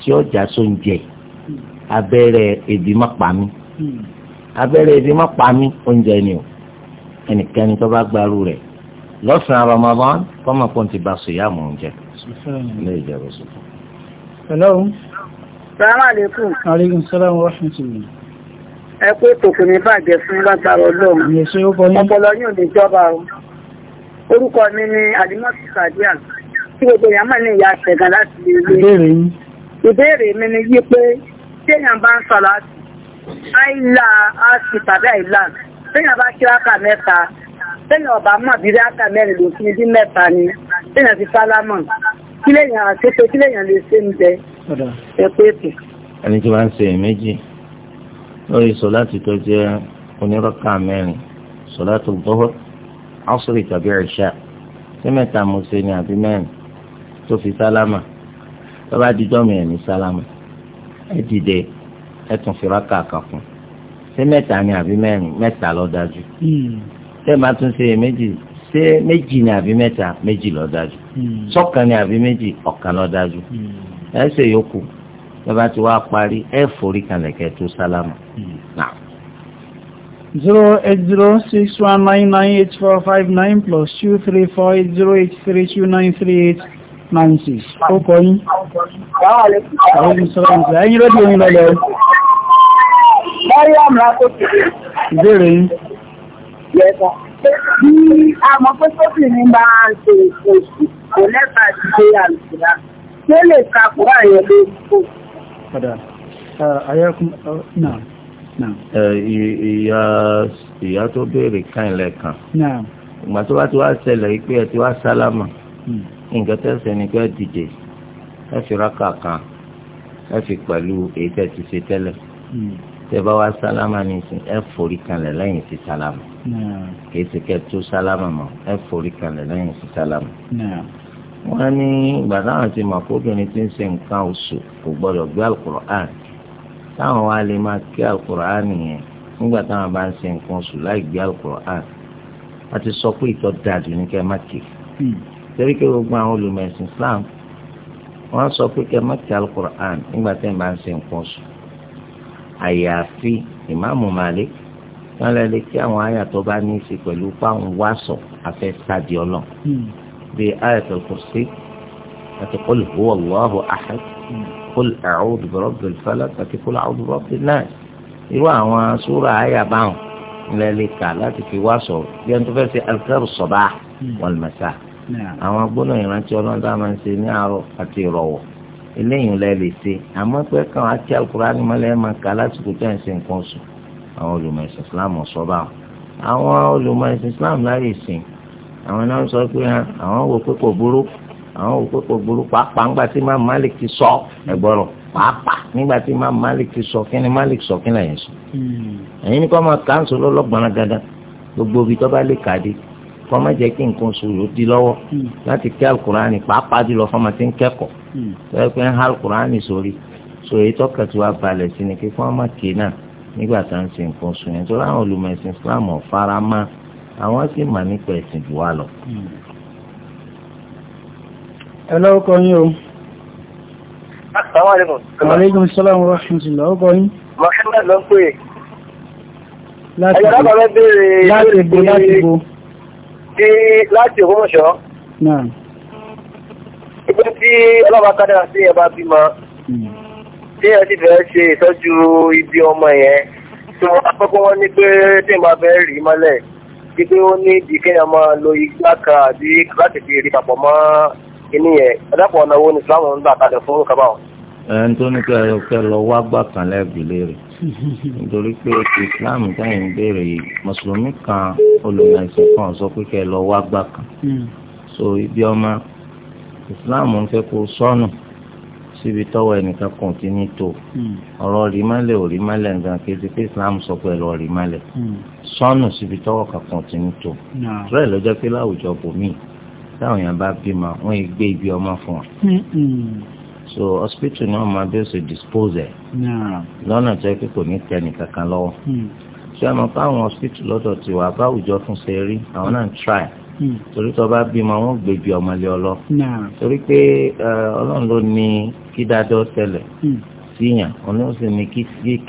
Speaker 1: tí ó já sóúnjẹ abẹ́rẹ́ ebi má pa mí abẹ́rẹ́ ebi má pa mí oúnjẹ ni o ẹnikẹ́ni tó bá gbarú rẹ̀ lọ́sàn-án Ramadan kọ́mọ̀pọ̀ ti bá sòyà mọ̀ oúnjẹ.
Speaker 2: Hello. Assalamu alaikum. Alaikum salaam wa rahmatullah. Ẹ pé tòkù ní bàjẹ́ fún látara ọlọ́run. Ọpọlọ yóò lè jọba o.
Speaker 3: Orúkọ mi ni Àdìmọ́sí Sàdíà. Tí gbogbo èèyàn mọ̀ ní ìyá àtẹ̀gàn láti ilé. Ìbéèrè yín. Ìbéèrè mi ni yí pé téèyàn bá ń sọ̀rọ̀ àti àìlà àti tàbí àìlà. Téèyàn bá kí ráka mẹ́ta. Téèyàn ọ̀bà
Speaker 2: mọ̀ bí ráka mẹ́rin lòfin bí mẹ́ta ni. Téèyàn ti sálámọ̀. Kílẹ̀yàn àti ẹ pé ètè.
Speaker 1: ẹni tí wọ́n ń ṣe èméjì lórí sọ̀láàtì tó jẹ́ onírọ́kà mẹ́rin sọ̀láàtì gbọ́họ́ ọ́sùrì tàbí ẹ̀ṣà tí mẹ́ta mo ṣe ni àbí mẹ́rin tó fi sálámà tó bá di dọ́mì ẹ̀mí sálámà ẹ dìde ẹ tún fi rákà kan fún ṣé mẹ́ta ni àbí mẹ́rin mẹ́ta ló dájú
Speaker 5: tẹ́ẹ̀
Speaker 1: hmm. bá tún ṣe èméjì ṣé méjì ni àbí mẹ́ta méjì ló dájú sọ́kan hmm. ni àbí méjì ọ̀kan ló dájú hmm ẹ ṣe yòókù bàbá tí wàá parí ẹ forí kalẹ̀ kẹ́ tó sálámù.
Speaker 2: zero eight zero six one nine nine eight four five nine plus two three four eight zero eight three two nine three eight nine six. ó kọ yín. àwọn olùsọ̀rọ̀ nìkan ẹ̀yin ló yín lọ́lẹ̀. mariam lakoto. ìbéèrè yín.
Speaker 3: bí amọ̀ pé sófin ní bá ń ṣe oṣù kò lẹ́ka ti dé àlùkò náà ló lè ka kùrá yẹn lé
Speaker 2: padà ayẹ́kùn náà
Speaker 1: ìyá tó béèrè kan ilẹ̀ kan ìgbà tó bá ti wá ṣẹlẹ̀ pé ẹ ti wá sálámà hmm. nǹkan tẹ̀sẹ̀ ni pé ẹ dìde ẹ fi rákà kan ẹ fi pẹ̀lú èyí tẹ̀ ti ṣe tẹ́lẹ̀ hmm. tẹ bá wá sálámà ní ìsìn ẹ forí kanlẹ̀ lẹ́yìn sí sálámà kì í ṣe kẹ́ tó sálámà mọ́ ẹ forí kanlẹ̀ lẹ́yìn sí sálámà wọ́n ní ìgbà táwọn ti mọ̀ kóbìnrin ti ń ṣe nǹkan oṣù kò gbọ́dọ̀ gbé alukur'an táwọn wá lè máa kí alukur'an yẹn nígbà táwọn bá ń ṣe nǹkan oṣù láì gbé alukur'an a ti sọ pé ìtọ́ dájú ní kẹ́ torí pé gbogbo àwọn olùmẹ̀sìn Islam wọ́n sọ pé kẹ́ má kí alukur'an nígbà táwọn bá ń ṣe nǹkan oṣù àyàfi ìmáàmù Malik wọ́n lè lè kí àwọn àyà tó bá ní í ṣe pẹ̀lú fáwọn wàásọ̀ afẹ́ sáàdì ọlọ́run bíi ayatul kursi àti qul huwa Allahu ahad qul a'udhu bi rabbil falaq àti qul a'udhu سورة rabbin nas irú àwọn sóra àyà báwọn ńlẹ̀ lè kà láti fi wá sọ̀rọ̀ bí ẹni tó fẹ́ ṣe alkaru sabah wal masa àwọn gbóná ìrántí ọlọ́dá máa ń ṣe ní àárọ̀ àti ìrọ̀wọ̀ eléyìí lẹ lè ṣe àmọ́ pé kàn á tí alukurani máa kà lásìkò tó ń ṣe nǹkan sùn àwọn olùmọ̀ ẹ̀sìn islam sọ báwọn àwọn olùmọ̀ ẹ̀sìn islam láyè sìn àwọn náà ń sọ pé àwọn wò pé kò burú àwọn wò pé kò burú pàápàá nígbà tí Imam Malik ti sọ ẹ̀gbọ́rọ̀ pàápàá nígbà tí Imam Malik ti sọ kí ni Malik sọ kí lẹ́yìn sọ. Hmm. ẹ̀yin ni kọ́ máa káńsù lọ́lọ́gbọ̀nà gada gbogbo ibi tó bá lè kàdé kọ́ máa jẹ́ kí nǹkan oṣù yóò di lọ́wọ́ hmm. láti kí alukurani pàápàá jùlọ fọmọ tí ń kẹ́kọ̀ọ́ hmm. tó yẹ pé ń ha alukurani sórí so èyí tó kẹtù wa balẹ̀ sí ni kí fọ́n máa ké náà nígbà tá à ń ṣe nǹkan oṣù yẹn tó láwọn olùmọ̀ ẹ̀sìn Islam ọ̀fara máa àwọn sì mà nípa ẹ̀sìn jù wá lọ.
Speaker 2: Hmm. ẹ lọ́kọ yín o. Assalamualaikum. Aleykum salaam wa rahmatullahi wa barakatuh. Mohammed ló ń
Speaker 3: pè. Ìgbé tí ọlọ́ba kádàrà sí ẹ̀bá bímọ. Tí hmm. ẹ ti fẹ́ ṣe ìtọ́jú ibi ọmọ yẹn.
Speaker 4: Tí wọ́n akọ́kọ́ wọn ní pé tí ìmọ̀ abẹ́ rí mọ́lẹ̀ wípé ó ní bí kéèyàn máa lo igbá kan àbí láti fi rí papọ̀ mọ́ kíní yẹn ẹ̀dàpọ̀ ọ̀nà ni Islam ń gbà kalẹ̀ fún kaba wọn.
Speaker 1: ẹn tó ní kí ẹ fẹ́ lọ wá gbà kan lẹ́ẹ̀bìlẹ̀ rẹ̀ nítorí pé Islam táyì ń béèrè mùsùlùmí kan olùmọ̀ẹ̀sìn kan sọ pé kẹ́ lọ wá gbà kan hmm. so ibi ọmọ Islam ń fẹ́ kó sọnù. So, síbi tọ́wọ́ ẹnìkan kàn ti ní tó hmm. ọ̀rọ̀ rí mọ́lẹ̀ ò rí mọ́lẹ̀ nǹkan kì í ti pé Islam sọ pé ẹ̀rọ rí mọ́lẹ̀ hmm. sọnù síbi tọ́wọ́ kankan ti ní tó rẹ̀ lọ́jọ́ pé láwùjọ bòmí táwọn èèyàn bá bímọ wọ́n yìí gbé ibi ọmọ fún wa
Speaker 5: hmm,
Speaker 1: so hospital náà máa bí ó ṣe dispose ẹ̀ lọ́nà tó yẹ pé kò ní tẹ nìkankan lọ́wọ́ ṣé àmọ́ báwọn hospital lọ́dọ̀ ti wà báwùjọ fún ṣe rí àwọn náà ń try torí tó bá bímọ wọn gbé ibi ọmọ lé ọ torí pé eh, Ọlọ́run ló ní kí dáadọ́ ṣẹlẹ̀ hmm. síyàn òun ó sì ní kí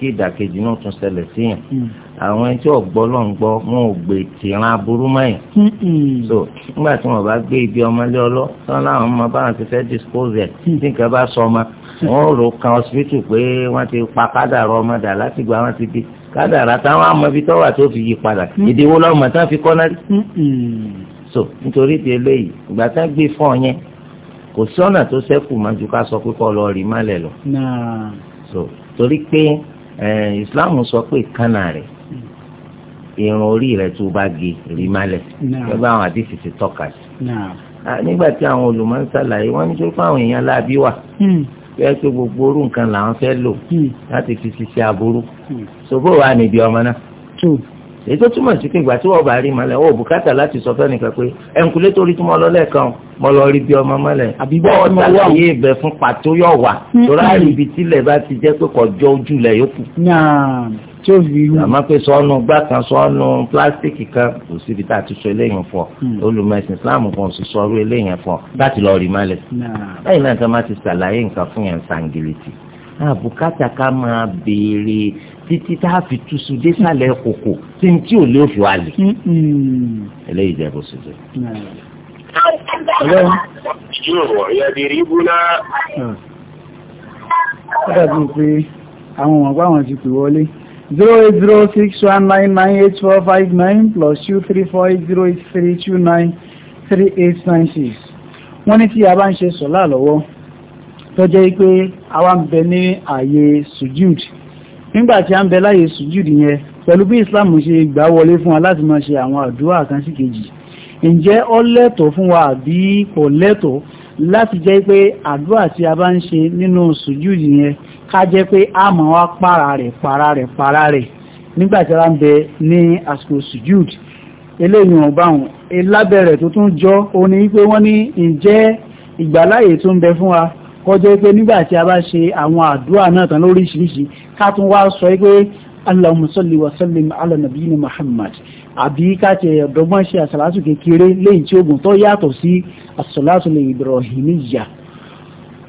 Speaker 1: ìdàkejì náà tún ṣẹlẹ̀ síyàn hmm. àwọn ẹni tí ọ̀gbọ́ ló ń gbọ́ wọn ò gbè tìran aburú mọ́yìn hmm, so nígbà tí wọn bá gbé ibi ọmọlé ọlọ tán láwọn ọmọ báwọn ti fẹ́ dispose ẹ̀ tí nǹkan bá sọ ọmọ wọn ò rò kan hospital pé wọ́n ti pa kádàrá ọmọ dà láti gba wọn ti di kádàrá táwọn àmọ́ ibi tọ́wà tó fi yí padà ìdíwọ́ lọ́mọ tán fi kọ́ so nítorí ti eléyìí ìgbà tán gbé fún yẹn kò sọ́nà tó sẹ́kù máa ju ká sọ pé kọ́ lọ rí málẹ̀ lọ. so torí pé ìsìláàmù sọ pé kánà rẹ̀ irun orí rẹ̀ tó bá ge rí málẹ̀ gẹ́gẹ́ bá àwọn àdìsí ti tọ́ka sí. nígbà tí àwọn olùmọ̀ ń ṣàlàyé wọ́n ní hmm. tó fáwọn èèyàn láabi wà fẹ́ pé gbogbo orú nǹkan làwọn fẹ́ lò hmm. láti fi ṣiṣẹ́ aburú. Hmm. so bó wàá níbi ọmọ náà èyí tó túmọ̀ sí pé ìgbà tí wọ́n bá rí malẹ̀ ó bùkátà láti sọ fẹ́ nìkan pé ẹnkulé torí tí mo lọ lẹ́ẹ̀kan mo lọ rí bí ọmọ malẹ̀ bọ́ọ̀ ṣàlàyé ibẹ̀ fún pàtó yọ̀ wà mm-hmm. torí àrí ibi tílẹ̀ bá ti jẹ́ pé kọjọ́ ojú lẹ̀ yókù. àmọ́ pé sọ́nù gbá kan sọ́nù pílásítíìkì kan kò síbi tá a ti sọ eléyìí fọ mm. olùmọ̀ẹ̀sìn Islam kan sì sọ ọrú eléyìí fọ láti títí tá a fi túṣu désàlẹ̀ kòkò tí n tí ò lé òfin wa lè. eléyìí jẹ́ bó ṣe jẹ́.
Speaker 4: yóò yàbí rí
Speaker 2: ó dàbí pé àwọn ọmọ báwọn ti pè wọlé zero eight zero six one nine nine eight four five nine plus two three four eight zero eight three two nine three eight nine six. wọ́n ní tí a bá ń ṣe sọ̀lá lọ́wọ́ tó pé àwa ń bẹ ní ààyè sujud nígbà tí a ń bẹ láyé sùjúdì yẹn pẹ̀lú bí islam ṣe gbà wọlé fún wa láti máa ṣe àwọn àdúrà kan sí kejì ǹjẹ́ ó lẹ́tọ̀ọ́ fún wa àbí kò lẹ́tọ̀ọ́ láti jẹ́ pé àdúrà tí a bá ń ṣe nínú sùjúdì yẹn ká jẹ́ pé a máa wá para rẹ̀ para rẹ̀ para rẹ̀ nígbà tí a ń bẹ ní àsìkò sùjúdì eléyìí wọn bá wọn lábẹ́rẹ̀ tó tún jọ òun ni wípé wọ́n ní ǹjẹ́ ìgbàláyè tó ń bẹ fún wa kọjá pé nígbà tí a bá ṣe àwọn àdúrà náà tán lóríṣiríṣi ká tún wá sọ pé allahumma salli wa sallim ala nabiyina muhammad àbí ká ti ọ̀dọ́gbọ́n ṣe àsàlátù kékeré lẹ́yìn tí ogun tó yàtọ̀ sí àsàlátù lè ibrahimiyya.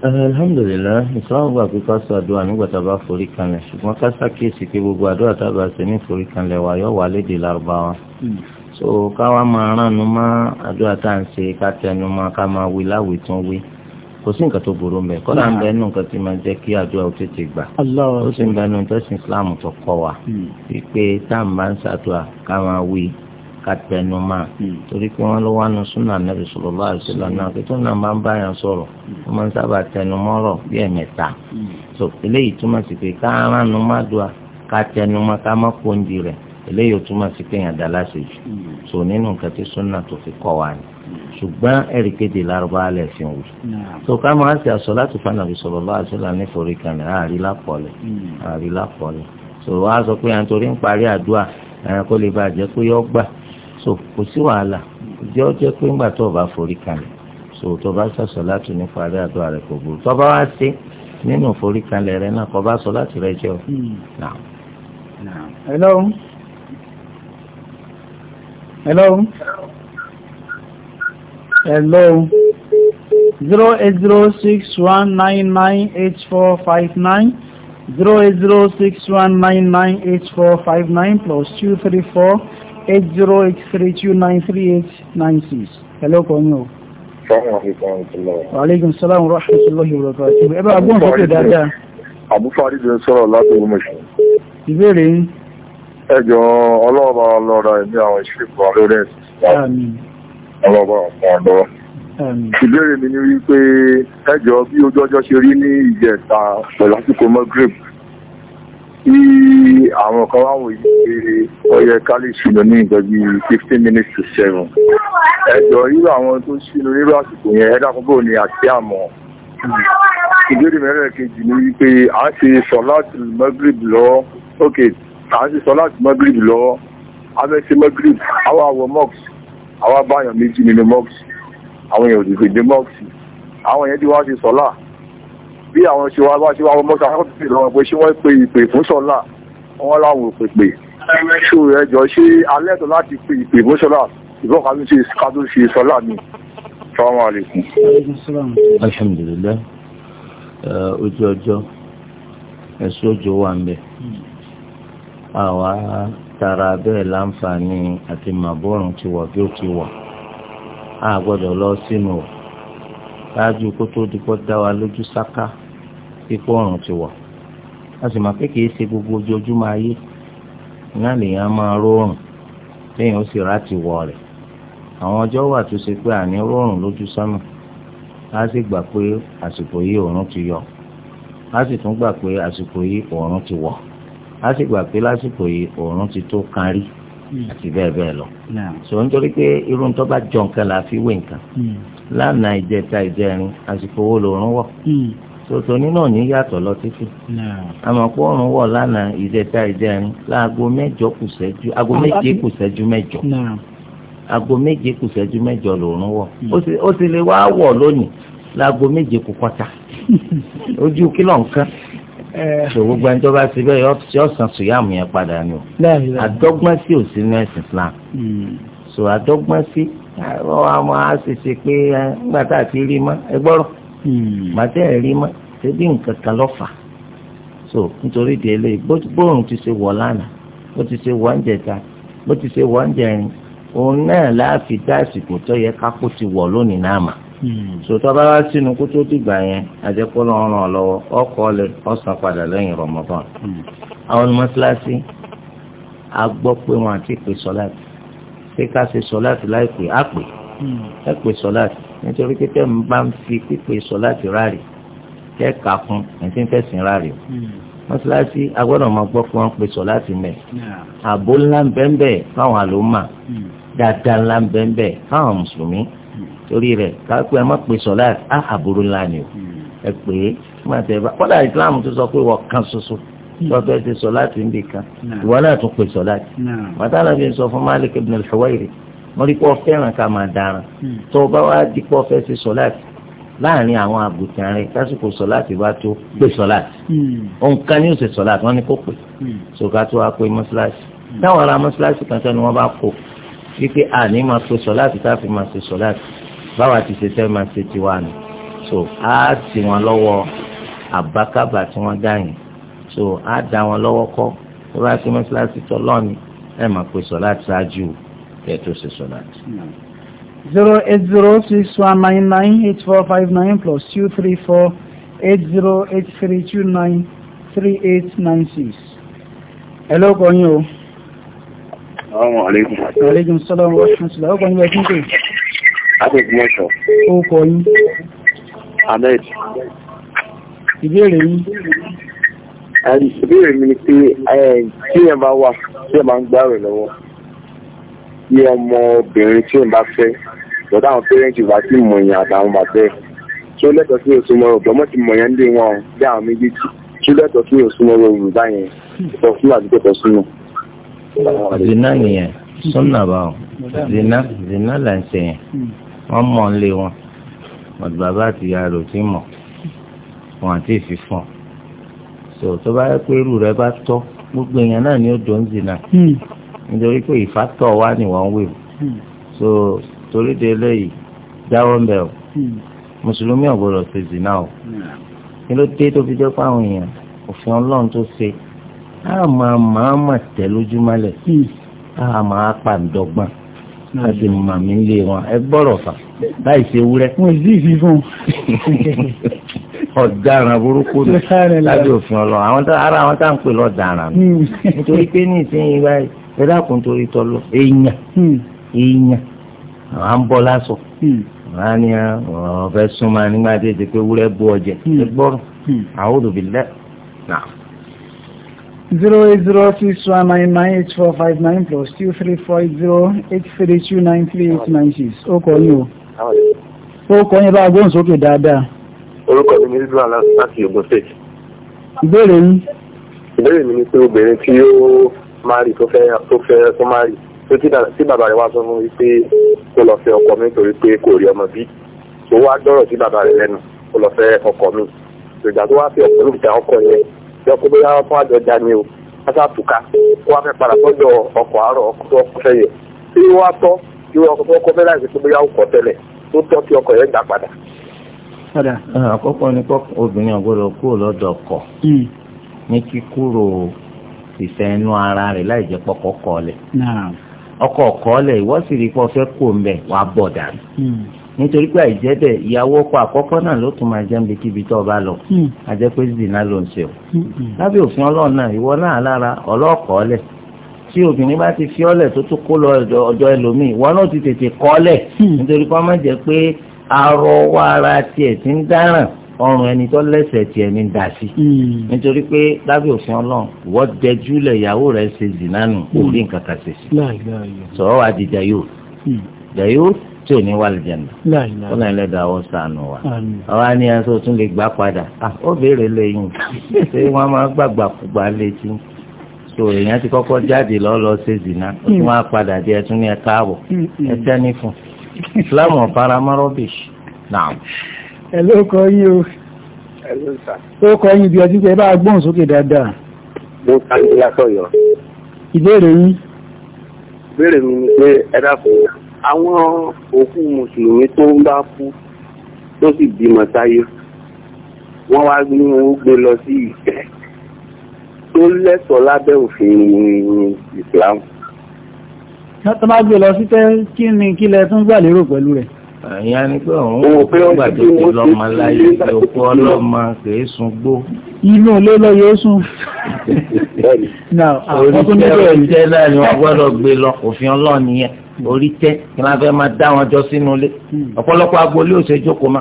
Speaker 1: alhamdulillah ìsọ́wọ́n gbà pé ká sọ àdúrà nígbà tá a bá forí kanlẹ̀ ṣùgbọ́n ká ṣàkíyèsí pé gbogbo àdúrà tá a bá ṣe ní forí kanlẹ̀ wà yọ̀ wà lédè lárúbáwá hmm. so káwa máa ránnu mọ́ àdúrà tá à ń ṣe ká tẹnu mọ́ ká máa wí láwìí wí kò sí nǹkan tó burú mbẹ kọ́nà ń bẹ nù nǹkan tí máa jẹ́ kí àdúrà ó tètè gbà ó sì ń bẹ nù tẹ́sán Islam tó kọ́ wa hmm. wípé tá à ń bá ń ṣàdúrà ká máa wí ká tẹnu máa hmm. torí pé wọ́n ló wá nu súnà nàbì sallallahu alaihi wasallam náà pé tó náà máa ń bá yàn sọ̀rọ̀ wọ́n máa ń sábà tẹnu mọ́rọ̀ bí ẹ̀mẹ́ta hmm. so eléyìí túmọ̀ sí pé ká ránu má dùà ká tẹnu má ká má pọ́ndì rẹ̀ eléyìí túmọ̀ sí pé yàn dá láṣejù so nínú nǹkan tí ṣùgbọ́n ẹ̀rí kéde lárúbá alẹ̀ fi ń wù. tó ká máa ṣe aṣọ láti fa nàbì sọ̀rọ̀ bá aṣọ là níforí kan àárí lápọ̀lẹ̀ àárí hmm. lápọ̀lẹ̀ tó wá sọ pé à ń torí ń parí àdúrà ẹ̀rọ kó lè bàjẹ́ pé yọ gbà so kò sí wàhálà jẹ́ ó jẹ́ pé ńgbà tó o bá forí kan so tó o bá ṣàṣọ láti ní parí àdúrà rẹ kò burú tó o bá wá sí nínú forí kan lẹ̀ rẹ náà kò bá sọ láti rẹ jẹ́ o. Hmm. hello. hello.
Speaker 2: Hello. 08061998459 08061998459 plus 2348083293896. Hello, Konyo. Aleykum salaam wa rahmatullahi wa barakatuh. Ẹ bá agbóhùn sókè dáadáa.
Speaker 4: Àbúfárí jẹ́ sọ́rọ̀ láti Omiṣẹ́. Umm Ìbéèrè yìí. Ẹjọ́ ọlọ́ọ̀bá ọlọ́ọ̀rọ̀ ẹ̀mí àwọn ìṣẹ́kọ̀ọ́ lórí ẹ̀sìn ọlọ́bọ̀ ọ̀pọ̀ ọ̀dọ́. ìbéèrè mi ni wípé ẹjọ́ bí ojú ọjọ́ ṣe rí ní ìjẹta pẹ̀lú àsìkò Maghrib tí àwọn kan wá wò yìí ọyẹ kálí ìṣúná ní ìjọbi fifteen minutes to seven ẹjọ́ irú àwọn tó ṣínú irú àsìkò yẹn ẹ̀dá kúbò ni àti àmọ́ ìbéèrè mẹ́rẹ̀ kejì ni wípé à ń ṣe sọ láti Maghrib lọ ókè à ń ṣe sọ láti Maghrib lọ abẹ́sẹ̀ Maghrib àwọn àwọ̀ mọ́ọ̀sì àwa báyàn méjì nínú mọ́ọ̀sì àwọn èèyàn òdìgbò dé mọ́ọ̀sì àwọn èèyàn ti wá ṣe sọ́lá bí àwọn ṣe wá bá ṣe wá wọ mọ́ọ̀sì àwọn ti lọ́wọ́ pé ṣé wọ́n pe ìpè fún sọ́lá wọ́n láwọn òpè pè ṣó ẹjọ́ ṣé alẹ́ tó láti pe ìpè fún sọ́lá ìbọn kan ṣe ká tó ṣe sọ́lá mi. Assalamu alaikum.
Speaker 1: Alhamdulillah uh, ojú ọjọ́ ẹ̀sùn òjò wà ń bẹ̀ àwa tara bẹ́ẹ̀ láǹfààní àti màbọ́rùn ti wà bí ó ti wà á gbọ́dọ̀ lọ sínú o ṣáájú kó tó di kó dá wa lójú sáká ipò ọ̀run ti wà a sì máa pé kìí ṣe gbogbo ojoojúmọ́ ayé náà lèèyàn máa rọrùn lẹ́yìn ó sì rà ti wọ̀ rẹ̀ àwọn ọjọ́ wà tó ṣe pé àní rọrùn lójú sánmà a sì gbà pé àsìkò yìí oòrùn ti yọ a sì tún gbà pé àsìkò yìí oòrùn ti wọ̀ a sì gbà pé lásìkò yìí òórùn ti tó kan rí hmm. àti bẹ́ẹ̀ bẹ́ẹ̀ lọ. sọ nítorí pé irú nǹkan bá jọ nǹkan là á fi wé nǹkan hmm. lánàá ìjẹta ìjẹrin àsìkò owó lòórùn wọ̀ tòtòní hmm. náà ní yàtọ̀ lọ títí àmọ̀pọ̀ òórùn wọ̀ lánàá ìjẹta ìjẹrin láago mẹ́jọ kù sẹ́jú aago ah, méje ah. kù sẹ́jú mẹ́jọ aago méje kù sẹ́jú mẹ́jọ lòórùn wọ̀ ó sì lè wá wọ̀ lónìí láago méje kù kọ́ta
Speaker 5: [LAUGHS]
Speaker 1: ojú kìlọ̀ nǹkan Eh. so gbogbo ẹni tó bá ti bẹ́ẹ̀ yọ yẹn padà ni o àdọ́gbọ́n sí ò sí nẹ́ẹ̀sì Islam hmm. so àdọ́gbọ́n sí pé nígbà tá a ti rí mọ́ ẹ gbọ́rọ̀ màtí hmm. ẹ̀ rí mọ́ so nítorí di eléyìí ti ṣe wọ̀ lánàá bó ti ṣe wọ̀ oúnjẹ ta bó ti ṣe wọ̀ oúnjẹ rin òun náà láàfin dá àsìkò tó ti wọ̀ sòtọ́ bá wá sínú kó tó dìgbà yẹn àjẹpọ́lọ́ ọ̀ràn lọ́wọ́ ọkọ̀ lẹ ọ̀sán padà lẹ́yìn Ramadan àwọn mọ́sálásí a gbọ́ pé wọn àti pè sọ́láàtì pé ká ṣe sọ́láàtì láìpè á pè ẹ pè sọ́láàtì nítorí pé tẹ́ ń bá ń fi pípè sọ́láàtì ráàrì tẹ́ kà fún ẹ̀ tí ń fẹ̀sìn ráàrì o mọ́sálásí a gbọ́dọ̀ máa gbọ́ pé wọ́n pè sọ́láàtì mẹ́ àbó ńlá ń bẹ́ẹ̀ bẹ́ẹ̀ fáwọn àlòmà dáadáa ńlá ń bẹ́ẹ̀ bẹ́ẹ̀ fáwọn mùsùlùmí torí rẹ̀ káàpẹ́ má pè sọ̀lá á àbúrò ńlá ni o ẹ pè é má tẹ bá kọ́dà ìsìláàmù tó sọ pé wọ́n kan ṣoṣo lọ́fẹ́ hmm. ti sọ láti ń bì kan ìwọ náà tún pè sọ láti. bàtà náà fi sọ fún Malik ibn al-Huwairi wọ́n rí pọ́ fẹ́ràn ká máa dára hmm. tó o bá wá di pọ́ fẹ́ ti sọ láti láàrin àwọn àgùntàn rẹ lásìkò sọ láti bá tó pè sọ láti. òǹkan hmm. ni ó ṣe sọ láti wọ́n ní kó pè sọ̀ká tó wá pé mọ́ṣáláṣí táwọn ará mọ́ṣáláṣí kan sẹ́ni wọ́n bá kó wípé àní máa pè sọ láti táfi máa ṣe sọ láti báwa ti ṣe fẹ́ máa ṣe tiwa nù so á tì wọ́n lọ́wọ́ àbákàbà tí wọ́n dá yìí so á dá wọn lọ́wọ́ kọ́ tó bá ṣe mọ́ṣáláṣí tọ́ lọ́ọ̀ni ẹ̀ máa pè sọ láti ṣáájú kẹ́ẹ̀ ṣe sọ láti.
Speaker 2: zero eight zero six one nine nine eight four five nine plus two three four eight zero eight three two nine three eight nine six. ẹ ló kọ́ yín o.
Speaker 4: salaamaleykum.
Speaker 2: aleykum salaam wa rahmatulah. ó kọ́ yín bẹ́ẹ̀ kí n pè é.
Speaker 4: Adéjúmọ́ṣọ́. Ó kọ yí. Ahmed. Ìbéèrè yí. Ìbéèrè mi ni pé tí ẹ bá wà tí ẹ bá ń gbààwẹ̀ lọ́wọ́ bí ọmọ tí ẹ bá fẹ́ lọ́dọ̀ àwọn pẹ́rẹ́ǹtì wá sí mọ̀yàn àtàwọn bàbá ẹ̀ tí ó lẹ́tọ̀ọ́ sí òsùnmọ́ ọ̀gbọ́n mọ́ ti mọ̀yàn lé wọn bí àwọn méjèèjì tí ó lẹ́tọ̀ọ́ sí òsùnmọ́ ọ̀rùn báyẹn ìtọ̀ fún àdúgbò tó súnmọ́.
Speaker 1: Zina nìyẹn, sọ́nà bá ọ̀, zina, zina là ń ṣe wọ́n mọ̀ ń lé wọn bàbá àti ìyá rẹ̀ ò tí mọ̀ wọn àti ìfìfọ̀n so tó bá yẹ pé irú rẹ bá tọ́ gbogbo èèyàn náà ni ó dùn sí náà nítorí pé ìfàtọ̀ wà ní wọ́n wé hmm. so torí de eléyìí dáwọ́ ń bẹ̀ o hmm. mùsùlùmí ọ̀gbọ́dọ̀ ṣe zìnà o hmm. kí ló dé tó fi jẹ́ pé àwọn èèyàn òfin ọlọ́run tó ṣe á máa máa mà tẹ́ lójúmọ́lẹ̀ á máa pàǹdọ́gbọ̀n a sì mọ̀ mí lé wọn ẹ gbọ́rọ̀ fà láì ṣe wúrẹ́. mo ì sí ìfífún. ọ̀daràn burúkú ni lábẹ́ òfin ọlọ́run àwọn ará àwọn tá à ń pè lọ́daràn ni hmm. nítorí pé ní ìsinyìí báyìí ẹ dákun torí tọ́lọ́ èèyàn hmm. èèyàn à ń bọ́ lásọ hmm. wọ́n á ní ọ̀fẹ́ súnmọ́ nígbà tí ètò pé wúrẹ́ bú ọjẹ́ ẹ gbọ́rọ̀ àwọn òdòbí náà
Speaker 2: zero eight zero six one nine nine eight four five nine plus two three four eight zero eight three two nine three eight nine six ó kọ yín o ó kọ yín bá a gbóhùn sókè dáadáa.
Speaker 4: orúkọ mi ni rídùn àlá láti Ògùn state. ìbéèrè yín. ìbéèrè mi ni pé obìnrin tí ó máa rí tó fẹ́ tó fẹ́ tó máa rí tó tí bàbá rẹ̀ wá sọ fún mi pé kó lọ fẹ́ ọkọ mi nítorí pé kò rí ọmọ bí tó wá dọ̀rọ̀ sí bàbá rẹ̀ lẹ́nu kó lọ fẹ́ ọkọ mi ìgbà tó wá fẹ́ ọkọ ọkọ yẹn yọkọ bóyá fún àjọ dání o wọn kó wọn ọkọ̀ àárọ̀ ọkọ̀ tó tọ tí wọn kọ kọ láìsí bóyá ó tẹ́lẹ̀ tó tọ́ kí ọkọ̀ yẹn gbà padà.
Speaker 1: àkọ́kọ́ ọkọ hmm. ní kíkúrò ìfẹ́ inú ara rẹ̀ láì jẹ́ ọkọ̀ ọ̀kọ́ nítorí pé àìjẹ́ bẹ́ẹ̀ ìyàwó ọkọ àkọ́kọ́ náà ló tún máa jẹ́ níbi kíbi tó bá lọ àjẹ́ hmm. pé zina ló ń ṣe o hmm. lábẹ́ òfin ọlọ́run náà ìwọ náà lára ọlọ́ọ̀kọ́ ọlẹ̀ tí obìnrin bá ti fi ọlẹ̀ tó tún kó lọ ọjọ́ ẹlòmíì ìwọ náà ti tètè kọ́ ọlẹ̀ hmm. nítorí kó má jẹ́ pé arọ wa ara tiẹ̀ ti ń dáràn ọrùn ẹni tó lẹ́sẹ̀ tiẹ̀ ní dà sí nítorí pé lábẹ́ òfin ọlọ́run ìwọ dẹjúlẹ̀ ìyàwó rẹ̀ ṣe zina nù orí nǹkan kan ṣe sí tí ò ní wà lè náà lẹ́dọ̀ àwọn sànù wa àwa ní ẹ̀ tó tún lè gbà padà ó béèrè lẹ́yìn ṣé wọ́n máa gbàgbà kúgbà létí so èèyàn ti kọ́kọ́ jáde lọ́lọ́ ṣe ó tún hmm. padà ní hmm, hmm. fún Islam náà.
Speaker 4: ẹ ló kọ yín
Speaker 2: o ó kọ yín bí ọtí pé bá gbóhùn sókè dáadáa.
Speaker 1: mo ká ní yàtọ̀ yọ.
Speaker 2: ìbéèrè yín.
Speaker 4: ìbéèrè mi ni pé ẹ àwọn òkú mùsùlùmí tó ń bá kú tó sì bímọ sáyé wọ́n wá ní wọn gbé lọ sí ìfẹ́ tó lẹ́tọ̀ọ́ lábẹ́ òfin
Speaker 1: ìsìlámù.
Speaker 2: tó bá gbé lọ sí pé kí ni kí lẹ tún gbà lérò pẹ̀lú rẹ̀.
Speaker 1: ìyá ni pé òun ò gbà tó ti lọ́mọ láyé òkú ọlọ́mọ kìí
Speaker 5: sun gbó. inú
Speaker 2: ilé lọ yóò sùn.
Speaker 5: oníṣẹ́ oníṣẹ́ náà ni wọ́n gbọ́dọ̀
Speaker 1: gbé lọ òfin ọlọ́ọ̀nìyẹn orí tẹ́ kí wọ́n fẹ́ máa dá wọn jọ sínú ilé ọ̀pọ̀lọpọ̀ agboolé òṣèjókòó ma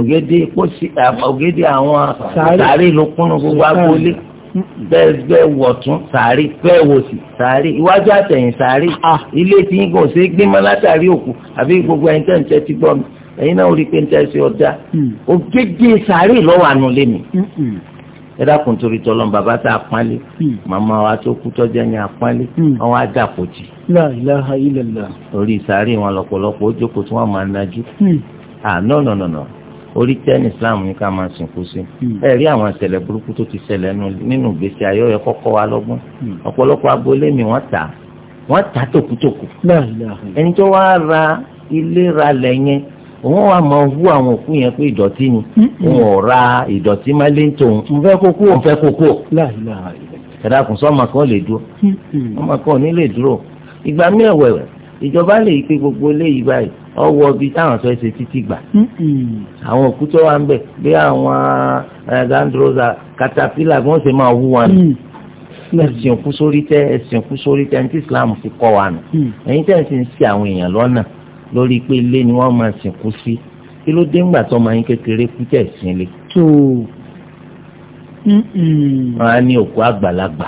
Speaker 1: ògèdè pósí ògèdè àwọn sàárè ló kúnnú gbogbo agboolé bẹ́ẹ̀ bẹ́ẹ̀ wọ̀ tún sàárè bẹ́ẹ̀ wò sí sàárè iwájú àtẹ̀yìn sàárè ilé tí yín kò ṣe é gbé mọ́ látàrí òkú àbí gbogbo ẹ̀yin tẹ̀ ń tẹ́ ti gbọ́ mi ẹ̀yin náà rí i pé ń tẹ́ ṣe ọjà mm. ògèdè sàárè lọ́wọ́ àánú lé mi ẹ dákun torí tọlọ bàbá tá a pánlé hmm. màmá wa tó kú tọjá ní apánlé àwọn hmm. adàpọ̀jì.
Speaker 2: la ilaha
Speaker 1: orí sàárì wọn lọ́pọ̀lọpọ̀ ó jókòó tí wọ́n máa najú. ah no no no no orí tẹ́ni islam ní ká máa sìnkú sí. ẹ rí àwọn ìṣẹ̀lẹ̀ burúkú tó ti ṣẹlẹ̀ nínú ìgbésí ayé ọ̀yẹ́ kọ́kọ́ wa lọ́gbọ́n ọ̀pọ̀lọpọ̀ abúlé mi wọ́n tà wọ́n tà tòkútòkù. ẹni tó wá ra ilé ra lẹ́yìn òun wà máa hu àwọn òkú yẹn pé ìdọ̀tí ni òun ò ra ìdọ̀tí má lé tòun òun fẹ́ kókó òun fẹ́ kókó ẹ̀dàkùn sọ́mà kan lè dúró sọ́mà kan ò ní lè dúró ìgbà mí ẹ̀wẹ̀wẹ̀ ìjọba lè pe gbogbo eléyìí báyìí ọwọ́ bíi táwọn sọ ẹsẹ̀ títí gbà àwọn òkú tó wà ń bẹ̀ bí àwọn gandrosa eh, katapila bí wọ́n ṣe máa hu wọn mm. ẹ̀sìn òkú sórí tẹ́ ẹ̀sìn òkú sórí tẹ́ ẹni tí Islam fi kọ́ wa nù mm. ẹ̀yin tẹ́ ẹ̀sìn sí àwọn èèyàn lọ́nà lórí pé ilé ni wọ́n máa sìnkú sí kí ló dé ńgbà tó máa ń kékeré kú tẹ̀ sílé.
Speaker 5: wọ́n
Speaker 1: á ní òkú àgbàlagbà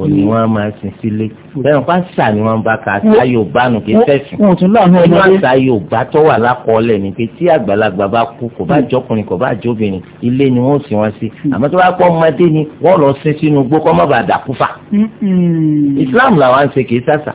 Speaker 1: òní mm. wọ́n máa sin sílé mm. bẹ́ẹ̀ wọ́n sà ni wọ́n bá ka àṣà Yorùbá nù kí sẹ́sìn nínú àṣà Yorùbá tó wà lákọọ́lẹ̀ ni pé tí àgbàlagbà bá kú kò bá mm. jọkùnrin kò bá jọbìnrin ilé ni wọ́n sìn wọ́n sí àmọ́ tó bá pọ́ ọmọdé ni wọ́n lọ sin sínú gbó kọ́ mọ́ bàa dàkúfà Islam làwọn ń ṣe kì í sàṣà.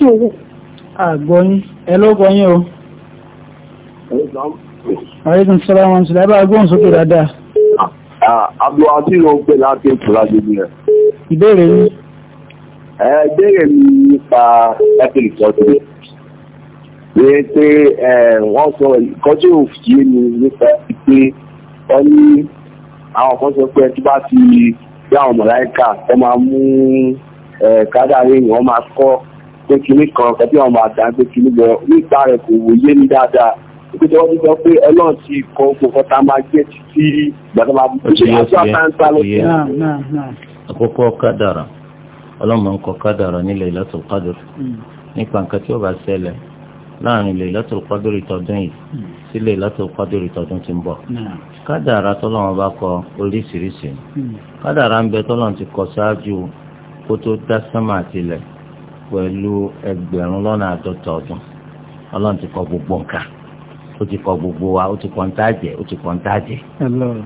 Speaker 4: sòwò. àgbọ̀yìn
Speaker 2: ẹ lọ́gbọ̀yìn o. àyíkùn sọ́lá wọn sílẹ̀ bá gbọ́n sókè dáadáa.
Speaker 4: àbúrò àti ìrọ̀ ń pè láti ìtura gbogbo rẹ̀. ìbéèrè yìí. ẹ béèrè mi nípa ẹ́pìlì tọ́jú pé pé wọ́n sọ ìkọ́jú òfìyé mi nípa pé wọ́n ní àwọn kan sọ pé tó bá ti bí àwọn mọ̀láìkà wọ́n máa mú kádàrí wọ́n máa kọ́ pé kinní kan kọjú àwọn àgbà ń pé kinní lọ nípa rẹ̀ kò wòye ní dáadáa ìpínlẹ̀ wọ́n ti sọ pé ọlọ́run ti kọ gbogbo tá a máa
Speaker 1: jẹ́ títí gbàtà máa bú ṣe àti àtàǹtà lọ sí. àkókò kádàrà ọlọ́mọ ń kọ kádàrà ní Lailatul Qadr hmm. nípa nǹkan tí ó bá ṣẹlẹ̀ láàrin Lailatul Qadr ìtọ́dún yìí hmm. sí Lailatul Qadr ìtọ́dún tí ń bọ̀. kádàrà tọ́lọ́run bá kọ oríṣiríṣi hmm. kádàrà ń bẹ tọ́lọ́run ti kọ ṣáájú kó tó dá sánmà àtilẹ̀ pẹ̀lú ẹgbẹ̀rún lọ́nà àádọ́ta ọdún ọlọ́run ti kọ gbogbo nǹkan ó ti kọ gbogbo wa ó ti kọ ń tàjẹ́ ó ti kọ ń tàjẹ́.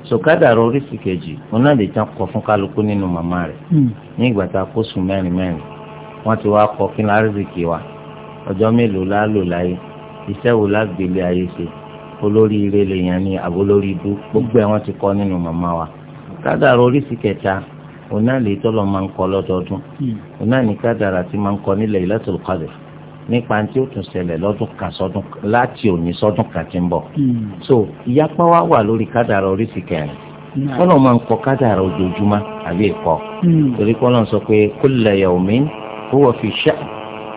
Speaker 1: sọ̀kadà oríṣi kejì wọn náà lè tán kọ fún kálukú nínú màmá rẹ̀ hmm. ní ìgbà tá a kó sùn mẹ́rin mẹ́rin wọ́n ti wá kọ kí lárìsìkì wa ọjọ́ mélòó la lò láyé iṣẹ́ wo la gbélé ayé ṣe olórí ire lèèyàn ni àbólórí ibú gbogbo ẹ̀ wọ́n ti kọ nínú màmá wa. sọ̀kadà oríṣi kẹta òun náà lè tọ́lọ̀ máa ń kọ lọ́dọọdún òun hmm. náà ní kádàrà tí máa ń kọ ní Lailatul Qadr nípa tí ó tún ṣẹlẹ̀ lọ́dún kan sọ́dún láti òní sọ́dún kan tí ń bọ̀. Hmm. so ìyapa wa wà lórí kádàrà oríṣi kẹrin hmm. kọ́nà máa ń kọ kádàrà ojoojúmọ́ àbí ẹ̀kọ́ torí kọ́nà sọ pé kulla yawmin huwa fi sha'n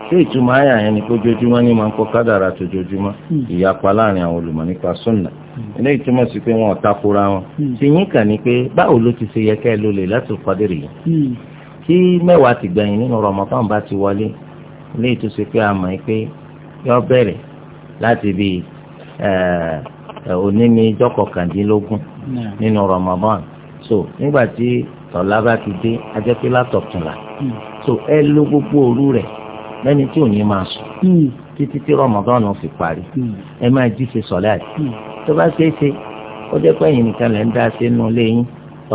Speaker 1: ṣé ìtumọ̀ ayà yẹn ni pé ojoojúmọ́ ni máa ń kọ kádàrà tó ojoojúmọ́ ìyapa láàrin àwọn olùmọ̀ nípa sunnah eléyìí túmọ̀ sí pé wọn ò takora wọn tìyín hmm. kàn ní pé báwo ló ti ṣe yẹ kẹ́ ẹ ló lè láti kọ́dìrì yìí tí hmm. mẹ́wàá ti gbẹ̀yìn nínú Ramadan bá ti wọlé eléyìí tó ṣe pé a mọ̀ pé yọ bẹ̀rẹ̀ láti bí eh, eh, òní ní jọ́kọ̀kàndínlógún hmm. nínú Ramadan so nígbà tí tọ̀lá bá ti dé ajẹ́pẹ́ látọ̀tùnlá so ẹ ló gbogbo òru rẹ̀ lẹ́ni tí ò ní máa sùn títí tí Ramadan fi parí ẹ máa jí tó bá ṣe é ṣe ó jẹ́ pé ẹ̀yin nìkan lẹ́ ń dá sí inú ilé yín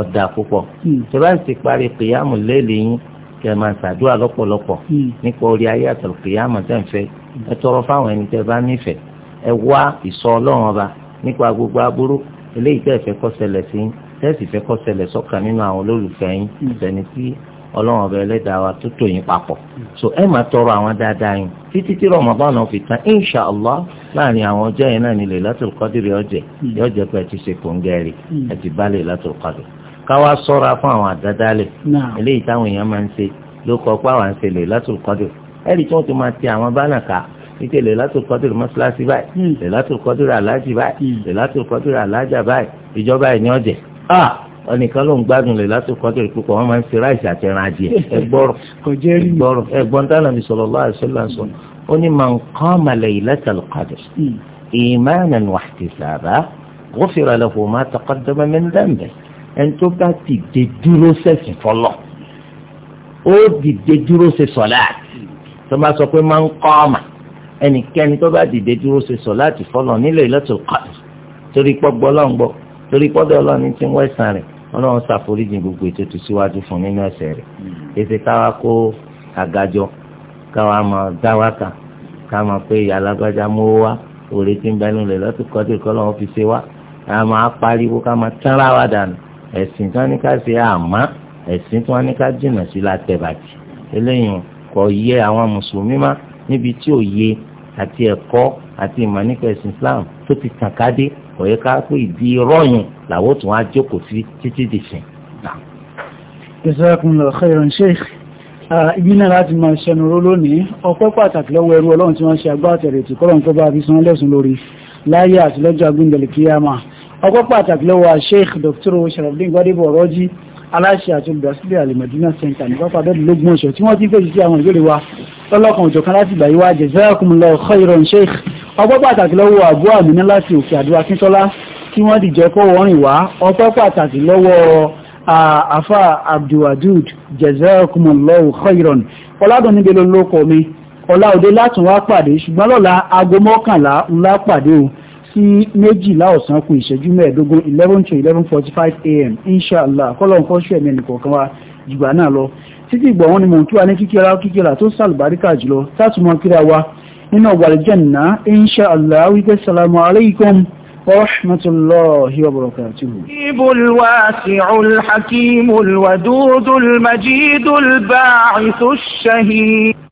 Speaker 1: ọ̀dà púpọ̀ hmm. tó bá sì parí kìyàmù léèlè yín kẹ́ ẹ máa ṣàdúrà lọ́pọ̀lọpọ̀ hmm. nípa orí ayé àtọ̀rọ̀ kìyàmù tẹ̀ ń fẹ́ hmm. ẹ tọrọ fáwọn ẹni tẹ́ bá nífẹ̀ẹ́ ẹ wá ìsọ ọlọ́run ọba nípa gbogbo aburú eléyìí tẹ́ fẹ́ kó sí tẹ́ sì fẹ́ kó sọ́kàn nínú àwọn olólùfẹ́ yín àtẹni ọlọ́run ọbẹ̀ ẹlẹ́dàá wa tó tò yín papọ̀ so ẹ máa tọrọ àwọn dáadáa yín títí tí rọmọbọ́n náà fi tán insha allah láàrin àwọn ọjọ́ yẹn náà ní Lailatul Qadr ọjẹ́ yọjẹ́ pé ẹ ti ṣe kòńgẹ́rì ẹ ti bá Lailatul Qadr káwá sọ́ra fún àwọn àdádálẹ̀ eléyìí táwọn èèyàn máa ń ṣe ló kọ pé àwọn àṣẹ Lailatul Qadr ẹ̀rí tí wọ́n ti máa ti àwọn báyìí hmm. Lailatul Qadr aláàjì báyìí hmm. Lailatul Qadr aláàjà báyìí ìjọba ẹ̀ ní ọ̀jẹ̀ ọnìkan ló ń gbádùn lè láti kọ́ torí púpọ̀ wọ́n máa ń fi ráìsì àti ẹran adìẹ ẹgbọ́rọ̀ ẹgbọ́rọ̀ ẹgbọ́n tá nàbì sallallahu alaihi wasallam ó ní man qama laylatal qadr hmm. imanan wa ihtisaban ghufira lahu ma taqaddama min dhanbi ẹni tó bá dìde dúró sẹ́sìn fọlọ́ ó dìde dúró ṣe sọ̀láàt tó bá sọ pé man qama ẹnikẹ́ni tó bá dìde torí pọ́ gbọ́ lọ́ngbọ́ torí pọ́dọ̀ ọlọ́run ti ń wẹ́sàn rẹ̀ ọlọ́run ṣàforíjì gbogbo ètò tó síwájú fún nínú ẹ̀ṣẹ̀ rẹ̀ hmm. ètò káwa kó àgájọ káwa máa dáwàkà káwa máa pé ìyá alágbájá mú wá òrè tí ń bẹnu lè lọ́tún kọ́dé kọ́ lọ́wọ́ fi ṣe wá káwa máa pariwo káwa máa tẹ́ra wa dànù ẹ̀sìn tí wọ́n ní ká ṣe àmá ẹ̀sìn tí wọ́n ní ká jìnà sí látẹ̀ bàjì eléyìí kò yẹ àwọn mùsùlùmí má níbi tí òye àti ẹ̀kọ́ àti ìmọ̀ nípa ẹ̀sìn Islam tó ti tàn ká dé kò yẹ ká pé ìdí rọyìn làwọn tún á jókòó sí títí dìsìn.
Speaker 2: jazakumullahu khairan sheikh ibi náà láti máa ṣẹnuró lónìí ọpẹ́ pàtàkì lọ́wọ́ ẹrú ọlọ́run tí wọ́n ṣe agbátẹrẹ ètò kọlọn tó bá fi san lẹ́sùn lórí láyé àti lọ́jọ́ agbóńdẹlẹ kíyàmà ọpẹ́ pàtàkì lọ́wọ́ sheikh dr sharafdin gbadebo ọrọjì aláṣẹ àti olùdásílẹ̀ alimọ̀dínà center ní pápá bẹ́ẹ̀ lógún ọ̀ṣọ́ tí wọ́n ti fèsì sí àwọn ìbéèrè wa lọ́lọ́kan òjọ̀kan láti ìgbà yìí wá jazakumullahu khairan sheikh ọpẹ́ pàtàkì lọ́wọ́ àbú àmìnà láti òkè àdúrà kíntọ́lá kí wọ́n dìjẹ́ kó wọ́rin wá ọpẹ́ pàtàkì lọ́wọ́ àfà abdulwadud jazakumullahu khairan ọládùn níbi lọ́lọ́kọ̀ mi ọlá òde látún wá pàdé ṣùgbọ́n lọ́la aago mọ́kànlá ńlá pàdé o sí méjìlá ọ̀sán kù ìṣẹ́jú mẹ́ẹ̀ẹ́dógún eleven to eleven forty five a.m. inshallah kọ́lọ́n kọ́ṣù ẹ̀mí ẹnìkọ̀ọ̀kan wa jùgbà náà lọ títí ìgbọ̀wọ́n ni mò ń kí wa ní kíkíra kíkíra tó sàlùbáríkà jùlọ sátùmọ̀ kíra wa من أول جنة إن شاء الله salamu عليكم ورحمة الله وبركاته
Speaker 3: الحكيم الواسع الحكيم الودود المجيد الباعث الشهيد